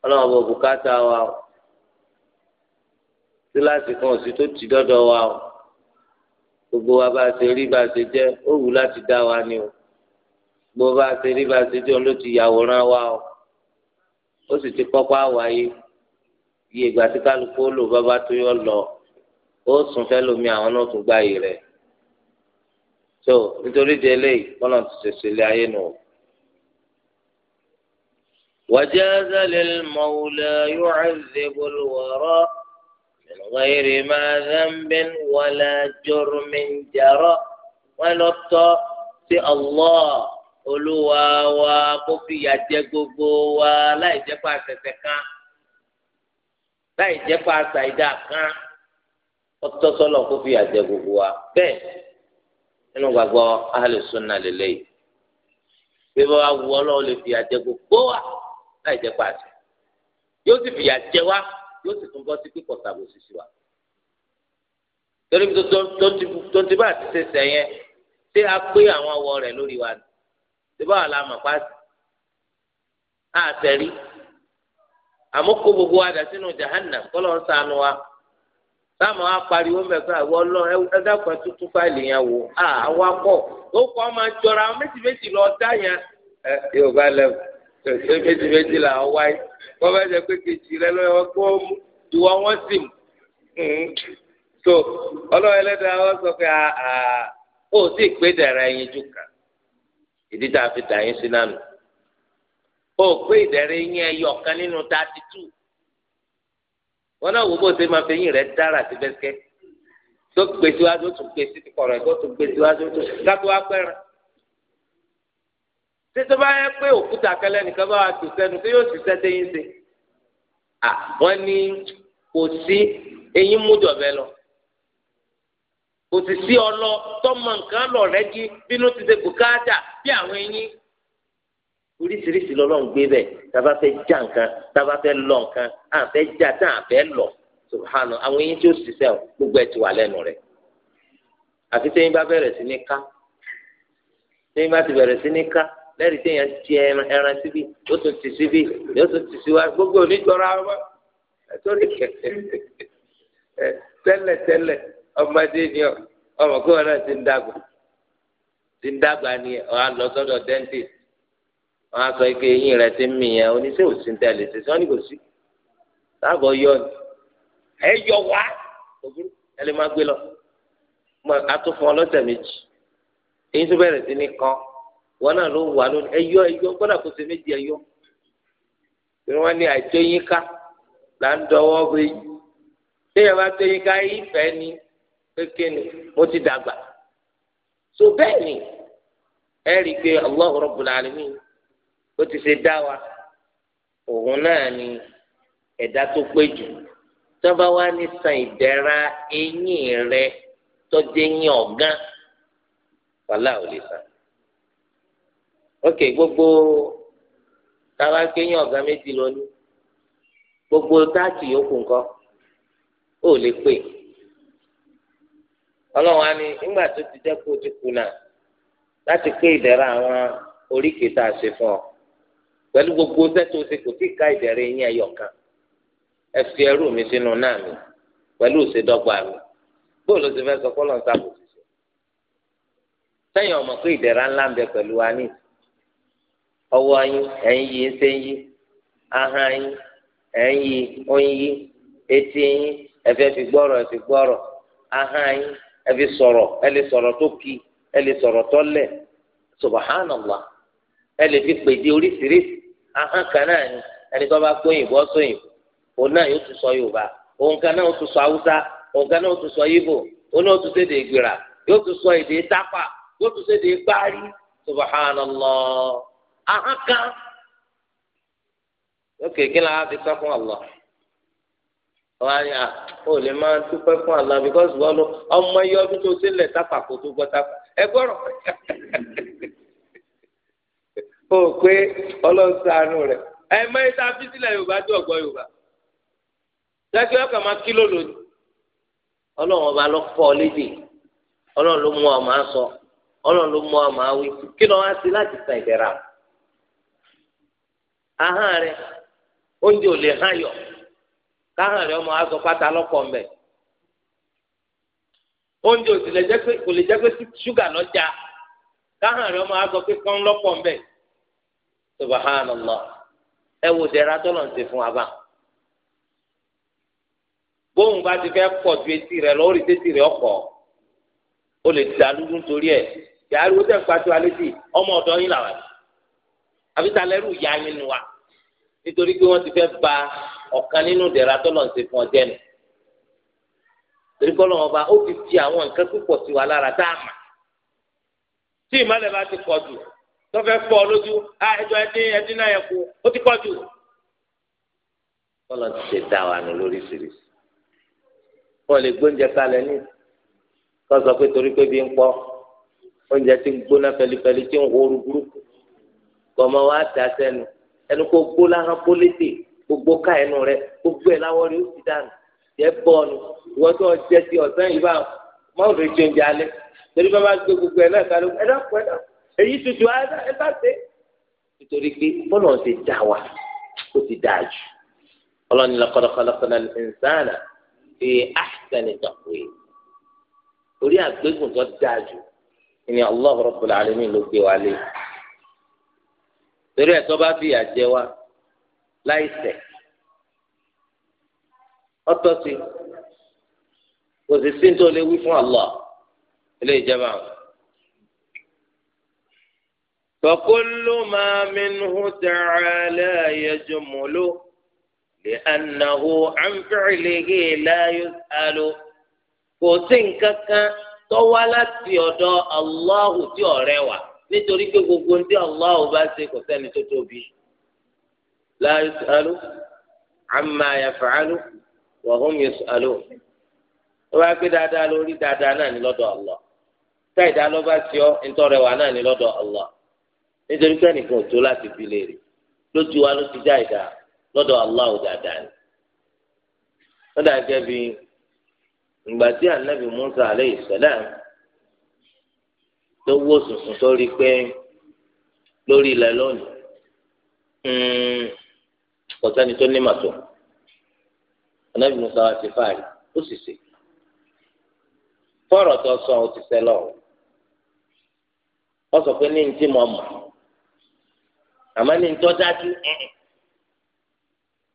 ọlọ́run ọba bùkátà wa o síláàsì kan ò sí tó ti dọ́dọ̀ wa o gbogbo wa bá ṣe rí bá ṣe jẹ́ ó wù láti dá wa ni o gbogbo bá ṣe rí bá ṣe jẹ́ ló ti yàwòrán wa o ó sì ti kọ́kọ́ àwáyé iye ìgbà tí kálukú ó lò bàbá tó yọ lọ ó sùn fẹ́ lómi àwọn náà tún gbá yìí rẹ̀ tó nítorí di eléyìí bọ́lá ti ṣèṣe ilé ayé nù. وجاز للمولى يعذب الوراء غير ما ذنب ولا جرم جرى ولا sí Allah olu wa kó fìyà jẹ gbogbo wa láì jẹ́ pa àṣẹṣẹ kan láì pa kan kó fìyà jẹ gbogbo wa bẹẹ nínú yìí bí lè fìyà jẹ gbogbo wa láì pa àṣẹ yóò fìyà jẹ wa. yóò sì tún bọ́ sí pípọ̀ tàbí òṣìṣì wa. torí bí tó ti bá ti ṣe sẹ́yìn ṣé a pé àwọn ọwọ́ rẹ̀ lórí wa ni ṣé báwa la mọ̀ pa sí a tẹ̀rí àmọ́ kó gbogbo wa dà sínú jahanna kọ́lọ́ ń sànù wa táwọn apariwo mẹ́fà ìwọ lọ ẹ dákun tuntun fáìlì yẹn wò á wa kọ́ ó kọ́ máa jọra méjì méjì lọ dá yẹn. ẹ yóò bá lẹ́wọ̀ tẹ̀sẹ̀ méjìméjì là ń wáyé wọ́n bá jẹ pé kejì rẹ lọ́wọ́ kó ìwọ wọn sì mú hmm. so ọlọ́wọ́ ẹlẹ́dàá wọ́n sọ pé ah, ah, ó sì pé dàrá yín jù kàn ìdí tá a fi dà yín sí nánu ó pé ìdẹ̀rẹ̀ yín ẹyọ kan nínú thirty two wọn náà wò bó ṣe máa fi yín rẹ dára sí bẹ́sẹ̀ tó gbèsè wájú tó gbèsè kọ̀rọ̀ ẹ̀ tó gbèsè wájú tó kátó wá pẹ́ràn títí bá yẹ pé òkúta kẹlẹ nìkan bá wà tó sẹnu tí yóò sì sẹdé yín sí à wọn ní kò sí eyín mújọbẹ lọ kò sì sí ọlọ tọmọ nǹkan lọ rẹgí bínú ti ṣe bùkátà bí àwọn eyín oríṣiríṣi lọ́lọ́run gbé bẹ́ẹ̀ tábà fẹ́ já nǹkan tábà fẹ́ lọ nǹkan à ń fẹ́ já tá à ń fẹ́ lọ subhanahu àwọn eyín tí ó sì sẹ gbogbo ẹ ti wà lẹ́nu rẹ̀ àfi tẹyin bá bẹ̀rẹ̀ sí ní ká tẹyin bá ti bẹ̀rẹ̀ sí ní ká. lẹ́rìí téèyàn ti ẹran síbi ó tún ti síbi ó tún ti síwá gbogbo oníjọra wa torí kẹ̀kẹ́ tẹ́lẹ̀ tẹ́lẹ̀ ọmọdé ni ọmọ kó wọn náà ti ń ni ọ̀hà lọ sọ́dọ̀ dẹ́ńtì wọn á sọ pé eyín rẹ ti ń mì yẹn oníṣẹ́ òsì ń tẹ̀lé ṣe sọ́ni kò sí yọ ni ẹ yọ lọ ọlọ́sẹ̀ méjì tó bẹ̀rẹ̀ sí ní wọn náà ló wà lónìí ẹyọ ẹyọ méjì ẹyọ wọn ni àìtó là ń dọwọ bẹ yìí téèyàn bá tó yín ni mo ti dàgbà so bẹ́ẹ̀ ni ẹ rí i pé Allahu Rabbul Alamin ó ti ṣe dá wa òun náà ni san eyín rẹ tọ́jú eyín ọ̀gán ok gbogbo táwa kéyìn ọgá méjì lónìí gbogbo táàtì yòókù ńkọ́ ó lè pè á ti jẹ́ kó o ti kùnà láti pé ìdẹ̀ra àwọn oríkèé tá a ṣe fún ọ pẹ̀lú gbogbo sẹ́tò ṣe kò tí ì ká ìdẹ̀ra yín ẹyọ kan ẹ fi ẹrú mi sínú náà mi pẹ̀lú mi ti fẹ́ sọ kọ́ lọ́n ọwọ́ yín ẹ̀yin yìí ń sẹ́yìn yìí ahọ́n yín ẹ̀yin yìí ó ń yí etí yín ẹ fẹ́ fi gbọ́rọ̀ ẹ fi gbọ́rọ̀ ahọ́n yín ẹ fi sọ̀rọ̀ ẹ sọ̀rọ̀ tó kì ẹ sọ̀rọ̀ tó lẹ̀ subhanallah ẹ oríṣiríṣi ahọ́n kan náà ni ẹni tó bá gbóyìn bọ́ sóyìn náà yóò tún sọ yorùbá òun ahọ́n kan lókè kí la fi pẹ́ fún Allah wọ́n á à ó ah, lè máa dúpẹ́ fún Allah because iye ọdún tó sílẹ̀ tápà kò tó gbọ́ tápà ẹ gbọ́rọ̀ ó pé ọlọ́run mọ ìta fi sílẹ̀ Yorùbá tó ọ̀gbọ́ Yorùbá jákè máa kí lòlò ni ọba lọ fọ́ ọ ọlọ́run ló ọ máa sọ ọlọ́run ló mú ọ máa wí kí sí láti ahọ́n rẹ oúnjẹ ò lè hàn yọ káhàn rẹ ọmọ azọ pátá lọ́kọ̀ mbẹ oúnjẹ ò sì jẹ́ pé kò lè jẹ́ pé ṣúgà ọmọ azọ pé kán lọ́kọ̀ mbẹ subhanallah ẹ wò dẹ́ra tọ́lọ̀ ń ṣe fún wa bá bóun bá ti fẹ́ pọ̀ ju etí rẹ lọ rẹ ọkọ̀ o lè dàlú nítorí ẹ̀ yàrá ìwé tẹ̀ ń pàṣẹ àbí ta lẹ́rù ya nínú wa nítorí pé wọ́n ti fẹ́ ba ọ̀kan nínú dẹ̀ra tọ́lọ̀ ń ṣe fún ọjẹ́ nù torí kọ́ lọ́wọ́ bá ó ti fi àwọn nǹkan púpọ̀ sí wa lára tá a mà tí ìmọ̀lẹ̀ bá ti pọ̀ jù tó fẹ́ fọ́ ọ lójú á ẹjọ́ ẹdín ẹdín náà yẹn kú ó ti pọ̀ jù tọ́lọ̀ ti ṣe dá wa nù lóríṣiríṣi wọ́n lè gbóúnjẹ kalẹ̀ ní kọ́ sọ pé torí pé bí ń pọ́ oúnjẹ ti gbóná fẹlifẹli ti ń horu burúkú kọmọ wa da sẹnu ẹnu kó gbó lahàn pólítì gbogbo ká ẹnu rẹ gbogbo ẹ láwọ rẹ ó ti dànù jẹ bọọnu ìwọ tó jẹ ti ọ̀sán yìí bá mọ̀ọ́ rẹ jẹun jẹ alẹ́ torí bá bá gbé gbogbo ẹ náà kálọ ẹ náà pẹ́ náà èyí tutù ẹ bá dé nítorí pé bọ́lọ̀ ti dá wa ó ti dá jù ọlọ́ni laqad khalaqnal fi ahsani taqwim orí àgbégùn tó dá jù ìní Allah Rabbul alamin ló torí ẹ̀ tó bá fi ìyà jẹ wá láìṣẹ̀ ọtọ́ sí kò sì sí tó lè wí fún Allah ilé ìjọba àwọn. فكل ما منه تعالى يجمل لأنه عن فعله لا يسأل kò sí nǹkan الله tó nítorí pé gbogbo ń tí Allah ò bá ṣe kò sẹ́ni tó tóbi la yus'alu amma yaf'alu wa hum yus'alun ó bá pé dáadáa lórí dáadáa náà ní lọ́dọ̀ Allah táìdá ló bá ṣe ọ́ ntọ́rẹwà náà ní lọ́dọ̀ Allah nítorí pé ẹnìkan tó láti fi léèrè lójú wa ló ti já ìdá lọ́dọ̀ Allah ò dáadáa ni ó dàgẹ́ bíi Ànábì Musa alayhi tó wó sùnsùn tó rí pé lórí ilẹ̀ lónìí hmm, kò sẹ́ni tó ní màtó ànábì musa wa ti fàárì ó sì ṣe fọ́ọ̀rọ̀ tó sọ ọ́ ti sẹ́lọ̀ ọ sọ pé ní ntí mo mọ̀ àmọ́ ní ntọ́ dájú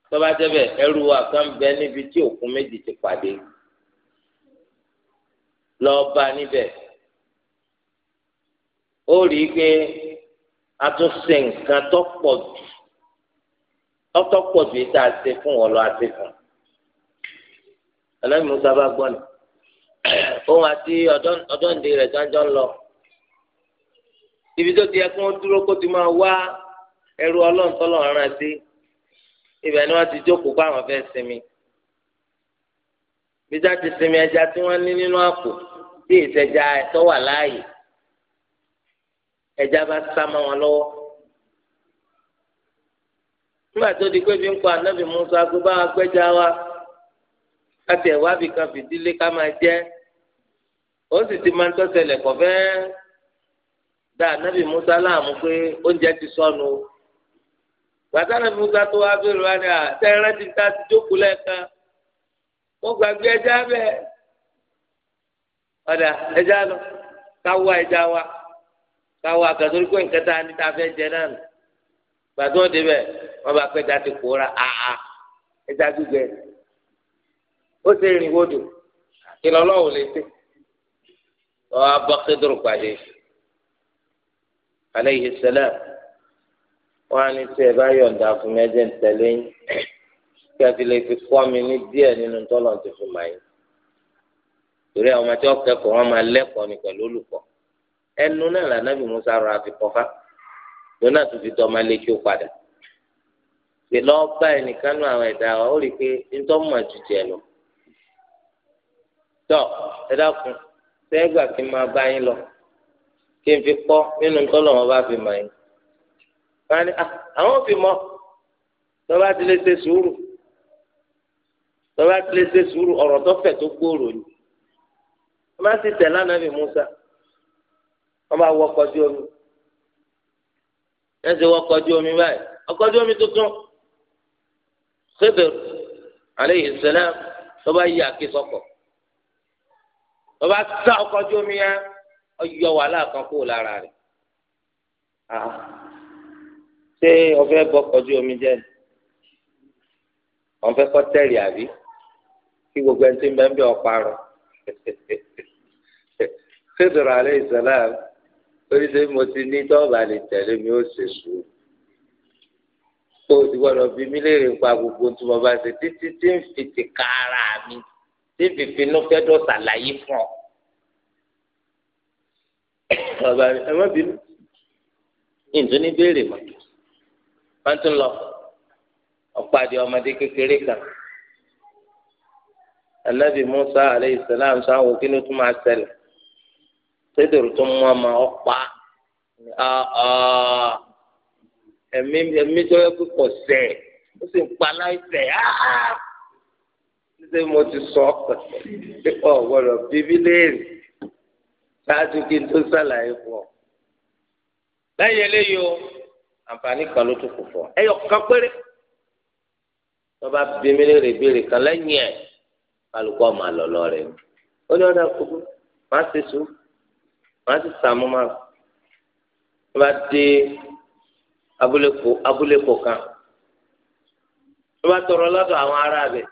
tọ́ba jẹ́bẹ̀ ẹrú wa kan bẹ níbi tí òkun méjì ti pàdé lọ́ọ́ bá níbẹ̀ ó rí i pé a tún ṣe nǹkan tó pọ̀ jù tó pọ̀ jù yìí tá a ṣe fún ọ lọ a ṣe fún ọlọ́run musa bá gbọ́ ni òun àti ọ̀dọ́ǹde rẹ̀ jọjọ́ ń lọ ibi tó ti yẹ kí wọ́n dúró kó ti máa wá ẹrú ọlọ́run tọ́lọ́run sí ibẹ̀ ni wọ́n ti jókòó bá àwọn fẹ́ sinmi bí sá ti sinmi ẹja tí wọ́n ní nínú àpò bí ìṣẹ̀jà ẹ̀tọ́ wà láàyè ẹja bá sá mọ́ wọn lọ́wọ́ nígbà tó di pé bí ń pa anábì wa gbẹ́jà wa láti ẹ̀wá bì kan fìdílé ká máa ó sì ti máa ń tọ́sẹ̀lẹ̀ kọ́ fẹ́ dá anábì musa láàmú pé oúnjẹ ti o gbàtà anábì musa tó wá àtẹ̀rẹ́ ti ta ti jókòó lẹ́ẹ̀kan mo ẹja bẹ́ẹ̀ ẹja lọ ká wá wa. káwọ àgàtúrí pé nǹkan tá a ní tá a fẹ́ jẹ náà nù gbàtí wọn débẹ̀ wọn bá pẹ́ dá ti kóra àhà ẹja gbígbẹ ó ṣe rìn wodò ìlọ lọ́wọ́ lè ṣe wọn á bọ́ kédùrú pàdé aleyhi sẹlẹm wọn á ní tí ẹ bá yọ̀ǹda fún mi ẹjẹ ń tẹ̀lé yín kí a fi lè fi kọ́ mi ní díẹ̀ nínú tọ́lọ̀ tó fi mà yín torí àwọn ọmọ tí wọn kẹ́kọ̀ọ́ wọn máa lẹ́kọ̀ọ́ ní pẹ̀lú olùkọ́ ẹnu náà là nàbì musa rọ àfikọ́fà lónà tó fi tọ́ ọmọ ilé kí ó padà pè lọ́ọ́ bá ẹnìkan nù àwọn ẹ̀dá wa ó rí i pé nítorí mọ̀ ju tiẹ̀ lọ. tọ́ ẹ dákun sẹ́gbà kí n máa bá yín lọ kí n fi kọ́ nínú tọ́lọ̀ wọn bá fi mọ̀ yín. wọ́n á àwọn fi mọ́ tọ́ba ti lè ṣe sùúrù tọ́ba ti lè ṣe sùúrù ọ̀rọ̀ tó fẹ̀ tó gbòòrò ni. wọ́n bá ti tẹ̀ lánàá bí musa wọ́n bá wọ ọkọ̀ ojú omi ẹ ṣe wọ ọkọ̀ ojú omi báyìí ọkọ̀ ojú omi tuntun Khidir aleyhi salam ló bá yí àké sọkọ ló bá sá ọkọ̀ ojú omi yẹn ọyọ wàhálà kan kó lára rẹ̀ ah. ṣé ọfẹ bọkọ̀ ojú omi jẹ ọfẹ kọ tẹrì àbí kí gbogbo ẹni tí ń bẹ ń bẹ ọ parọ́ aleyhi salam torí pé mo ti ní tọ́ọ̀bà lè tẹ̀lé mi ó ṣe sùúrù o ti gbọ́dọ̀ bí mi léèrè nípa gbogbo tí mo bá ṣe títí tí ń fi ti ka ara mi tí fífinú fẹ́dọ̀ ṣàlàyé fún ọ. ọba ẹ má bínú ìdún ní béèrè mọ́ wọ́n tún lọ ọ̀pàdé ọmọdé kékeré kan anabi musa aleyhisselam sáwọn òkè ló tún máa ṣẹlẹ̀ pédèrú tó mú ọmọ ọ̀pá ẹ̀mí ẹ̀mí tó yẹ kó pọ̀ sẹ̀ ó sì ń pa láìsẹ̀ ṣíṣe mo ti sọ ọ gbọ́dọ̀ bíbí léèrè ṣáájú kí n tó ṣàlàyé fún ọ. lẹ́yìn eléyìí o àǹfààní kan ló tún kù fún ọ ẹyọ kan péré tọ́ba bí mi léèrè béèrè kan lẹ́yìn ẹ̀ kálukọ́ máa lọ lọ rẹ̀ ó ní ọ̀dà kúkú má ṣe sùúrù. màá ti sàmú ma tó bá dé abúlékò abúlékò kan tó bá tọrọ lọ́dọ̀ àwọn ará rẹ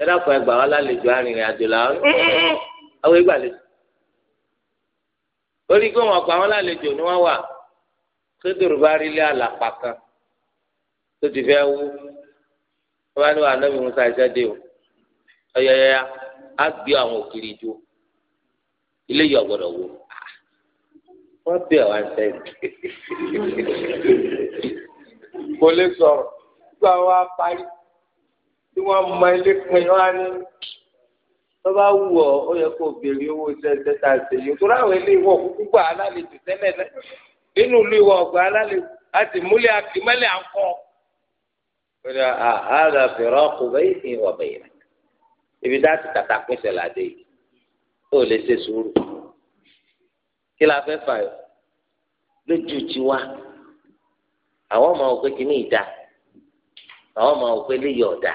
ẹ ẹgbà wọn lálejò arìnrìn àjò làwọn àwọn ìgbàlejò orí pé wọn gbà wọn lálejò ni wọn wà kédèrú bá rí ilé kan tó ti fẹ́ wú wọn bá musa ìṣẹ́dé o á gbé àwọn òkìrì ilé wọ́n bí àwọn àtẹ̀lé kò lè sọ̀rọ̀ nígbà wọn á parí tí wọ́n mọ ilé pin wọn á ní tó bá wù ọ́ ó yẹ kó béèrè owó sẹ́sẹ́ tá a ṣe yìí tó ráwọn eléyìí wọ̀ kúkú alálejò tẹ́lẹ̀ náà nínú ìlú ìwà ọ̀gbà alálejò láti múlẹ̀ akímẹ́lẹ̀ àkọ́ pẹ̀lú àhàdà fẹ̀rọ̀ ọkùnrin bẹ́ẹ̀ ni wọ́n bẹ̀yẹ̀ ibi dáàtì tàtà pín sẹ̀ ládé ó lè ṣe sùúrù kí la fẹ́ fàyọ lójú tiwa àwọn ọmọ òkè kìíní ìdá àwọn ọmọ òkè léyìí ọ̀dà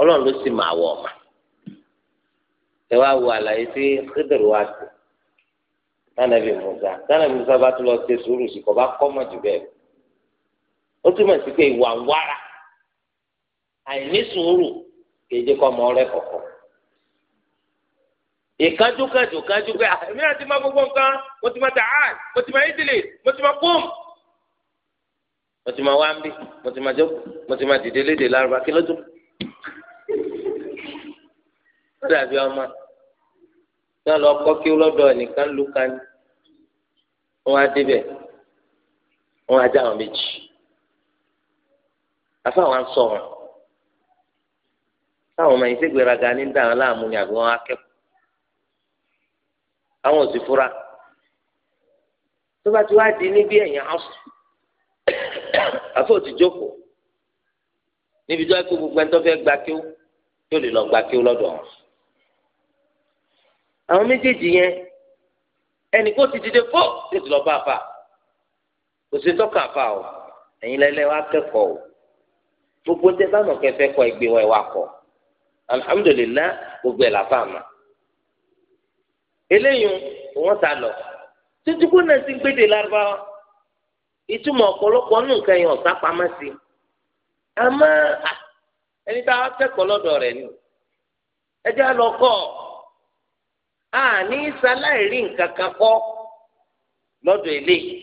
ọlọ́run ló sì máa wọ ọ̀mà ẹ wá wo àlàyé tí Khidr wá sí tánàbí Musa tánàbí Musa bá tún lọ ṣe sùúrù sí kò bá kọ́ mọ̀ jù bẹ́ẹ̀ ó túmọ̀ sí pé ìwà ń wára àìní sùúrù kéde kọ́ ọmọ rẹ kọ̀ọ̀kan ìkájúkájú kájú pé ah, àmì àti máa gbogbo nǹkan mo ti máa tàá mo ti máa ìdílé mo ti máa pọ́m mo ti máa wá ń bí mo ti máa jókòó mo ti máa dìde léde lárúbá kí ló tó ó dàbí ọmọ náà lọ kọ́ kí lọ́dọ̀ nìkan ló ka ní wọ́n débẹ̀ wọ́n á dá àwọn méjì afa wọn sọ wọn táwọn ọmọ yìí ṣègbéraga ní dáhùn láàmú ni àbí wọn á kẹ́kọ̀ọ́ àwọn ò sì fura tó bá ti wá di níbi ẹ̀yìn asù àfọ̀ ti jókòó níbi tó yẹ kó gbogbo ẹni tó fẹ́ gba kíó yóò lè lọ gba kíó lọ́dọ̀ wọn. àwọn méjèèjì yẹn ẹnì kó ti dìde fó tètè lọ bá a fà kò sí tọ́ka fà o ẹ̀yin lẹ́lẹ́ wa kẹ́kọ̀ọ́ o gbogbo tẹ bá mọ̀ kẹfẹ́ kọ ẹgbẹ́ wa ẹ wa kọ alihamudulilayi gbogbo ẹ̀ la fà eléyìí wọn sá lọ títí na náà ti gbédè lárúbáwá ìtumọ̀ ọ̀pọ̀lọpọ̀ nù nǹkan yẹn ọ̀sá pamọ́ sí i àmọ́ ẹni tá a kẹ́kọ̀ọ́ lọ́dọ̀ rẹ̀ ni ẹjẹ́ lọ kọ́ sáláì rí nǹkan kan kọ́ lọ́dọ̀ eléyìí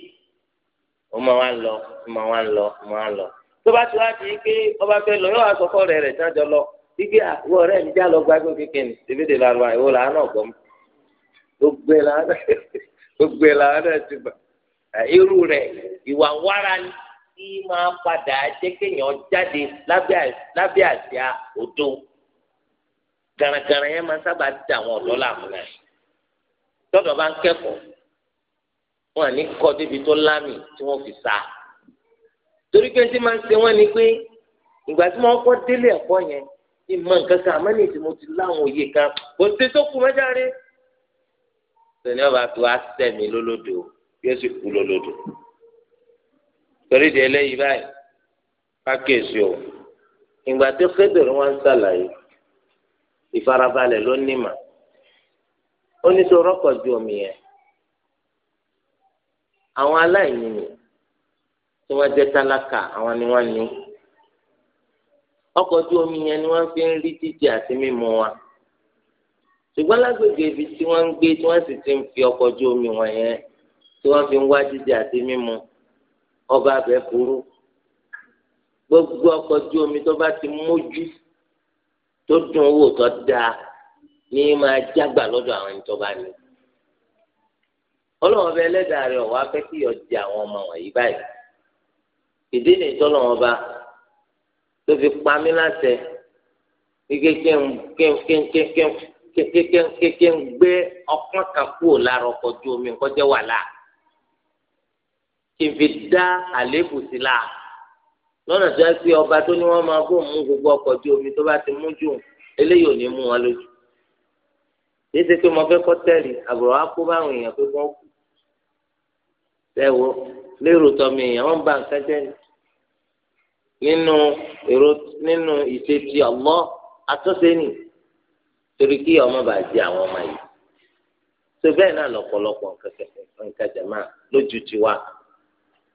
ó lọ ó máa wá ń lọ ó máa ń lọ tó bá ti wá di pé ọba fẹ́ lọ yóò wá rẹ̀ rẹ̀ jájọ lọ wípé àwọn lọ gbogbo ẹ̀ làwọn náà gbogbo ẹ̀ làwọn náà ti bà irú rẹ̀ ìwà wára ni tí máa padà jẹ́ kéèyàn jáde lábẹ́ àsíá òdo garagara yẹn máa sábà dá àwọn ọ̀dọ́ làmú náà tọ́dọ̀ bá ń kẹ́kọ̀ọ́ wọn à ní kọ́ débi tó lámì tí wọ́n fi sá torí pé tí máa ń ṣe wọ́n ni pé ìgbà tí wọ́n kọ́ délé ẹ̀kọ́ yẹn ìmọ̀ nǹkan kan àmọ́ ní ìdí ti láwọn òye kan kò sí tó kù mẹ́járe sani ọba fi wá sẹmi lólódò yóò sì kú lólódò torí di eléyìí báyìí kákèsì o ìgbà tó Khidr wọn ṣàlàyé ìfarabalẹ̀ ló ní mà ó ní sọ rọkọ ju omi yẹn àwọn aláìní ni tí wọn jẹ tálákà àwọn ni wọn ní ọkọ̀ ojú omi yẹn ni wọn fi ń rí títì àti mímu wa ṣùgbọ́n lágbègbè ibi tí wọ́n ń gbé tí wọ́n sì ti ń fi ọkọ̀ ojú omi wọn yẹn tí wọ́n fi ń wá jíjẹ àti mímu ọba abẹ burú gbogbo ọkọ̀ ojú omi tó bá ti mójú tó dùn owó tó dáa ní máa jágbà lọ́dọ̀ àwọn ẹni tó bá ní. ọlọ́wọ́n bẹ ẹlẹ́dàá rẹ̀ ọ̀wá fẹ́ kí ọjà àwọn ọmọ wọ̀nyí báyìí ìdí ni ìtọ́lọ́wọ́n bá tó fi pa mí láṣẹ kí kí kí kí kékeré kékeré ń gbé ọkàn kan kúrò lára ọkọ̀ ojú omi nǹkan jẹ́ wàhálà kí n fi dá àléébù sí la lọ́nà tó yẹ kí ọba tó ní wọ́n máa bò mú gbogbo ọkọ̀ ojú omi tó bá ti mú jù eléyìí ò ní mú wọn lójú yìí ṣe pé mo fẹ́ kọ́ àbúrò wa kó báwọn èèyàn pé wọ́n kú ẹ̀wò lérò tọ́mi èèyàn wọ́n bá nǹkan jẹ́ nínú èrò nínú ìṣe ti Allah àtúnṣe nìyí. torí kí ọmọ bá di àwọn ọmọ yìí tó bẹ́ẹ̀ náà lọ́pọ̀lọpọ̀ nǹkan jẹ̀má lójú tiwa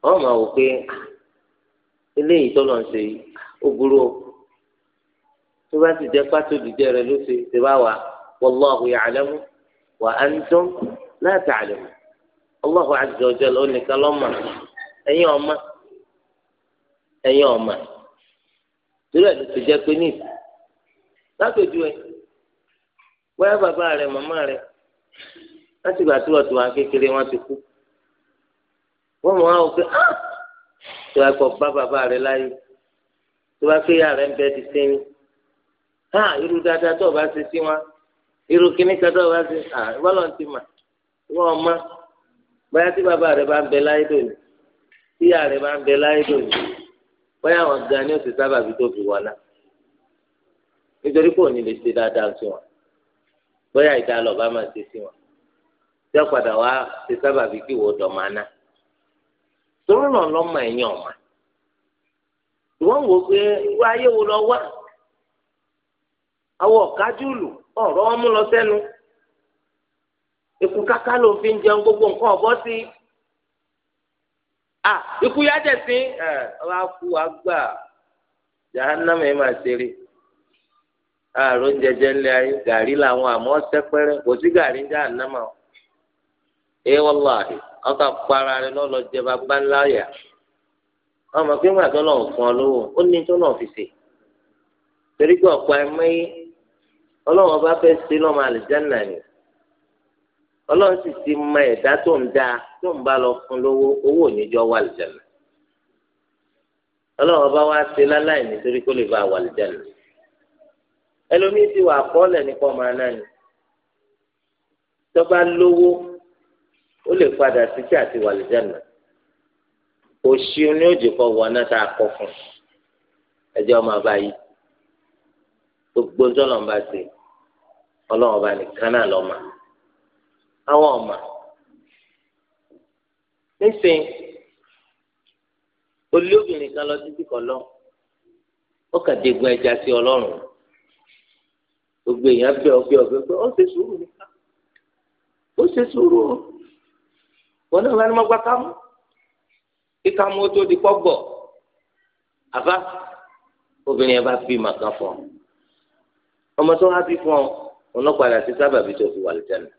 wọ́n máa pé ah, eléyìí tó lọ́n ṣe ó burú o tó bá ti jẹ́ pátó dìde rẹ ló ṣe ṣe bá wa wallahu nìkan ẹ̀yin ọmọ ẹ̀yin ọmọ ló ti bóyá bàbá rẹ màmá rẹ láti gbà tí wọ́n ti wà kékeré wọ́n ti kú wọ́n mọ̀ àwọn pé tó a kọ̀ bá bàbá rẹ láyé tó bá pé rẹ ń bẹ ti sẹ́yìn ha ah! irú dáadáa tó o bá ṣe sí wọn irú kíní kan tó o bá ṣe à ah! wọ́lọ́ ti mà wọ́n mọ́ bóyá tí bàbá rẹ bá ń bẹ láyé lónìí tí ìyá rẹ bá ń bẹ láyé lónìí bóyá àwọn gan ni ó sábà fi tó fi náà nítorí pé òní lè ṣe dáadáa sí wọn. bóyá ìdálọ̀ bá máa ṣe sí wọn tí wọ́n padà wá ṣe sábà bíi kí wò ó dọ̀mọ́ aná tóró náà lọ́mọ ẹ̀yìn ọ̀mà ìwọ́n wò pé wọ́n ayé lọ wá àwọn ọ̀kájúlù ọ̀rọ̀ ọmú lọ ikú kaka ló fi ń jẹun gbogbo nǹkan ọ̀bọ sí ikú sí ọba kú agbá máa ṣeré. ààrò ń jẹjẹ ńlẹ̀ ayé gàrí làwọn àmọ́ sẹ́pẹ́rẹ́ kò sí gàrí ń ànámà o ẹ ọkà para rẹ lọ́lọ́ jẹba gbáńláyà ọmọ pé wọn fún ọ lówó ó ní tó náà fi sè torí pé sí ọlọ́run sì ti mọ ẹ̀dá tó ń bá lọ fún owó wà ọba wá láláì nítorí kó lè bá ẹlòmíín ti wà kọ́lẹ̀ nípa ọmọ náà ni tọ́ba lówó ó lè padà títí àti wàlìjánà òṣì ni ó jẹ́kọ̀ wọ náà tá a kọ́ fún ẹjẹ́ ọmọ ọba yìí gbogbo ńlọ́nba ṣe ọlọ́run ọba nìkan náà lọ́mọ àwọn ọmọ nísìnyí olóbìnrin kan lọ títí kọ lọ ó kà ẹja sí ọlọ́run gbogbo èèyàn bẹ ọgbẹ ọgbẹ pé ó ṣe sùúrù nìkan ó ṣe sùúrù o wọn náà wọn ni wọn gbá kámú kí kámú tó di pọgbọ àbá obìnrin yẹn bá fi màkà fún ọ ọmọ tó wá bí fún ọ òun náà padà sí sábàbí tó fi wà lìjẹnà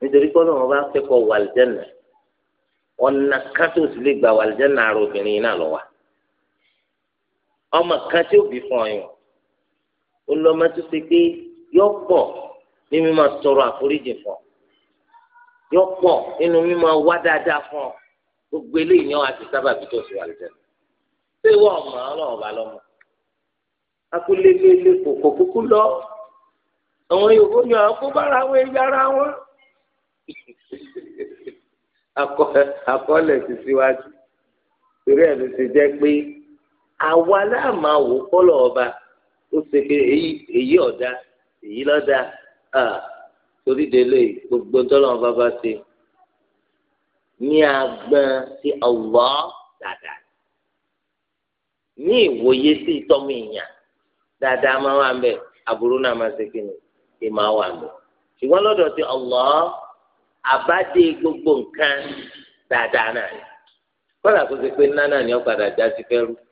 nítorí pé ọlọ́run bá kẹ́kọ̀ọ́ wà lìjẹnà ọ̀nà kátó sì lè gbà wà àrò obìnrin náà lọ wa ọmọ kan tí ó bí fún ọ yẹn ó lọ ọmọ tó ṣe pé yọ pọ̀ ní mímọ tọrọ àforíjì fún ọ yọ pọ̀ nínú mímọ wá dáadáa fún ọ gbogbo eléyìí ni wọn àti sábàbí tó sì wà lẹsẹ ṣé wọn ọmọ Ọlọ́run ọba lọmọ akulelele kòkò kúkú lọ àwọn yòókù ni àwọn kó bára àwọn ẹyà ara wọn akọọlẹ ti síwájú torí ẹ ló ti jẹ pé àwa láàmà wò kọlọ ọba ó ṣe pé èyí èyí ọ̀dà èyí lọ́dà à torí délé gbogbo tọ́lọ́run bá bá ṣe ní agbọ́n tí Allah dáadáa ní ìwòye sí ìtọ́mú èèyàn dáadáa máa wà náà máa ṣe kí ni ẹ máa wà mbẹ ṣùgbọ́n lọ́dọ̀ gbogbo nǹkan dáadáa náà kọ́lá kó ṣe pé nánà ni ó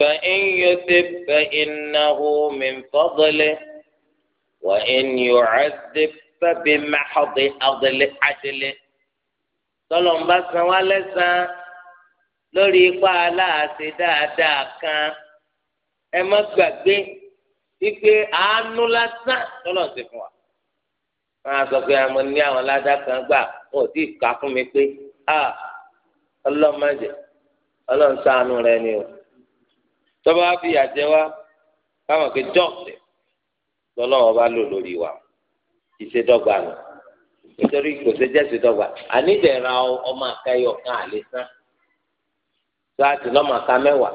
فإن يثب فإنه من فضله وإن يعذب فبمحض عدله tọ́lọ́n bá san wá lẹ́sàn-án lórí ipa aláàṣẹ dáadáa kan ẹ má gbàgbé wípé àánú lásán tọ́lọ́n ti fún wa. wọ́n á sọ pé àmọ́ ní àwọn ládá kan gbà wọn ò kà fún mi pé ah, ọlọ́mọdé ọlọ́run ṣàánú rẹ ni o. tọ́ba wa fi àjẹ wa káwọn kò jọ́ọ̀sì lọ́lọ́wọ́ bá lò lórí wa ìṣèdọ́gba nù nítorí kò ṣe jẹ́ ìṣèdọ́gba ọmọ àkàyọ̀ kan àlè sàn tó a ti lọ́mọ àká mẹ́wàá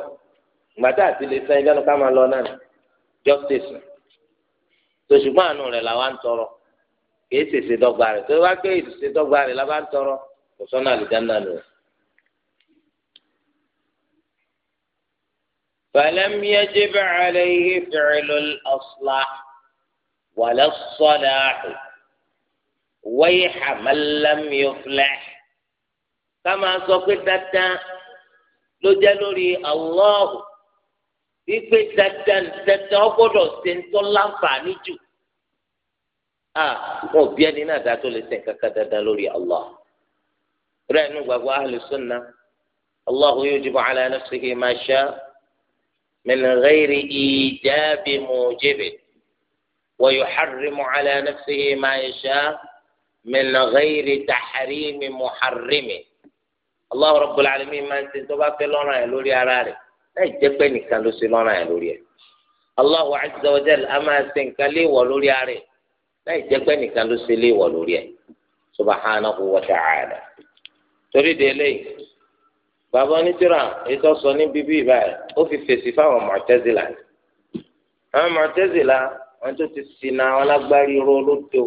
gbàtà àti lè sàn ìjọ́nu ká máa lọ náà ní àánú rẹ̀ làwa ń tọrọ kì í rẹ̀ tó wá rẹ̀ làwa ń tọrọ kò sọ́nà nù rẹ̀. فلم يجب عليه فعل الأصلح ولا الصلاح ويح من لم يفلح كما سقطت لجلري الله wípé dandan dandan ọgbọ́dọ̀ ṣe ń tọ́ láǹfààní jù a wọn ò bí ẹni náà dá tó lè ṣe kankan dandan lórí allah rẹ nínú gbàgbọ́ ahlùsùn allah yóò jùbọ̀ ala nafsihi ma sha. من غير إيجاب موجب ويحرم على نفسه ما يشاء من غير تحريم محرم الله رب العالمين ما أنت تبقى في لنا لوري أراري لا يجبني كان لسي لنا لوري الله عز وجل أما سنكلي ولوري أراري لا يجبني كان لسي لي ولوري سبحانه وتعالى تريد إليه bàbá onítìrà ètò sọ ní bíbí ìbáyìí ó fi fèsì fáwọn mọ̀tẹ́zìlà àwọn mọ̀tẹ́zìlà wọn tó ti sinà àwọn alágbárí ro lódò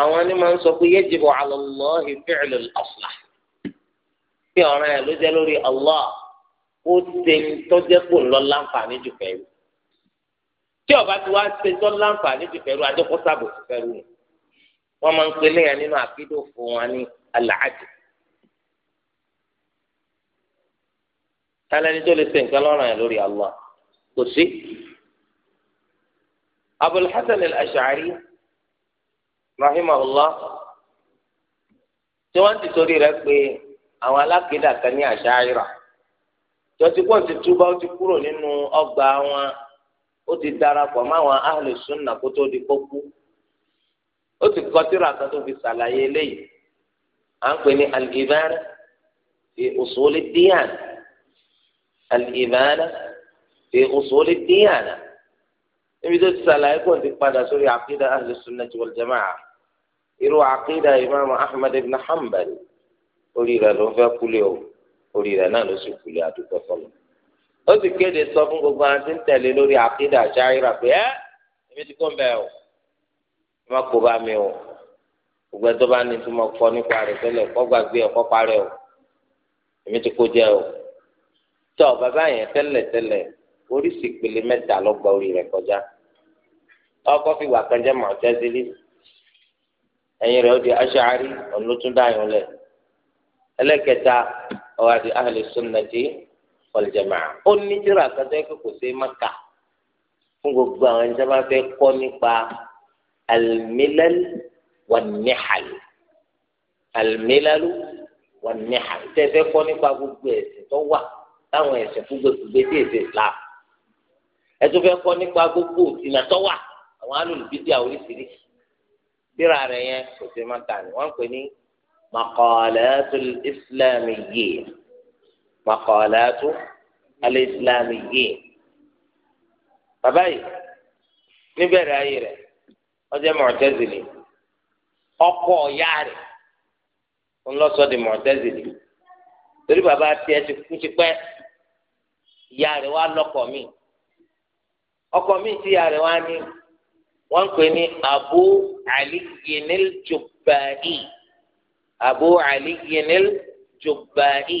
àwọn ni máa ń sọ pé yajibu ala Allahi fi'lu al-aslah pé ọ̀ràn ẹ̀ ló jẹ́ lórí Allah ó ṣe ń tọ́jẹ́ pò ń lọ láǹfààní jù fẹ́rù tí ọba tí wàá ṣe tọ́ láǹfààní jù fẹ́rù adékọ́sàbò fẹ́rù wọn máa ń pè léyìn nínú àkídò fún wa ní alàájì tálẹ́ni tó lè ṣe nǹkan lọ́rùn yẹn lórí Allah kò sí. Abul Hasan al-Ash'ari rahimahullah tí wọ́n ti torí rẹ̀ pé àwọn alákìídà kan ní àṣàyíra tí ti pọ̀ ti túbọ̀ ó ti kúrò nínú ọgbà wọn ó ti darapọ̀ máwọn ahlu sunna kó tó di kókó ó ti kọ tírà kan tó fi eléyìí à ń al-imana fi usul ad-diyana níbi tó ti sàlàyé kò ti padà sórí àkídà ahlu sunnati wal jama'a irú àkídà imaamu ahmed ibn hanbal orí rẹ̀ ló ń fẹ́ kúlẹ̀ o orí rẹ̀ náà ló sì kúlẹ̀ àdúgbò fọlọ́ ó sì kéde sọ fún gbogbo àwọn tí ń tẹ̀lé lórí àkídà àṣàyíra pé ẹ́ èmi ti kó mbẹ́ o ẹ má kó bá mi o gbogbo ẹjọ́ bá ní tí mo kọ́ nípa rẹ̀ tẹ́lẹ̀ kọ́ gbàgbé ẹ̀kọ́ parẹ́ o èmi ti kó jẹ́ o tọ bàbá yẹn tẹ́lẹ̀ tẹ́lẹ̀ oríṣi ìpele mẹ́ta ló gba orí rẹ̀ kọjá ọkọ fi wà kan jẹ́ mọtẹsílì ẹ̀yìn rẹ̀ ó di aṣáárí ọlọtúndáyọ lẹ ẹlẹ́kẹta ọwọ àti ahli sunnati wal jamaa ó ní tíra àkàtà ẹkọ kò sí maka fún gbogbo àwọn ẹni tí bá fẹ́ kọ́ nípa al-milal wan-nihal al-milal tẹfẹ kọ́ nípa gbogbo ẹ̀sìn tó wà táwọn ẹ̀sìn fúgbẹ́fúgbẹ́ tí èsì islam ẹtú fẹ́ kọ́ nípa gbogbo ìtìnà tó wà àwọn alùpùpù oríṣiríṣi síra rẹ̀ yẹn kò sí máa tà ní wọ́n ń pè ní maqalatul islamiyyin maqalatul islamiyyin bàbá yìí níbẹ̀rẹ̀ ayé rẹ̀ wọ́n jẹ́ Mu'tazili ọkọ̀ ọ̀yá rẹ̀ ńlọ́sọ̀dì torí baba tiẹ̀ ti kú ti pẹ́ ìyá rẹ̀ wá lọ́kọ mi ọkọ mi ti ìyá rẹ̀ wá ní wọ́n ń pè ní abu ali yenil jubba'i abu ali yenil jubba'i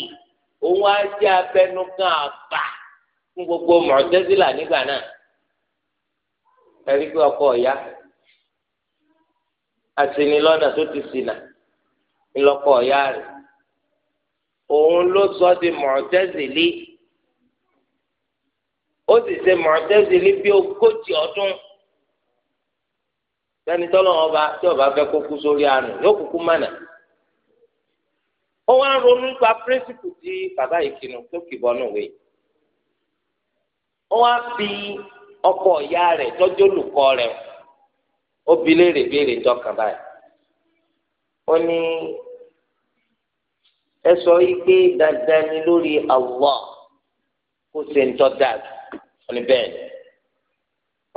òun á jẹ́ abẹnugan àgbà fún gbogbo mọ̀tẹ́sílà nígbà náà ẹ̀rí pé ọkọ ọ̀yá àti ní lọ́nà tó ti ṣìnà ńlọkọ ọ̀yá rẹ̀. òun ló sọ di O ó sì ṣe mọ̀tẹ́zìlì bí ogójì ọdún sẹ́ni tọ́lọ́ ọba tí ọba fẹ́ kókú sórí àná yóò kúkú mánà ó wá ń ronú nípa píríncípù tí bàbá ìkìnnù tó kìbọn ó wá ẹ sọ wípé dandan ni lórí Allah kó ṣe ń tọ́ dà ní bẹ́ẹ̀ ni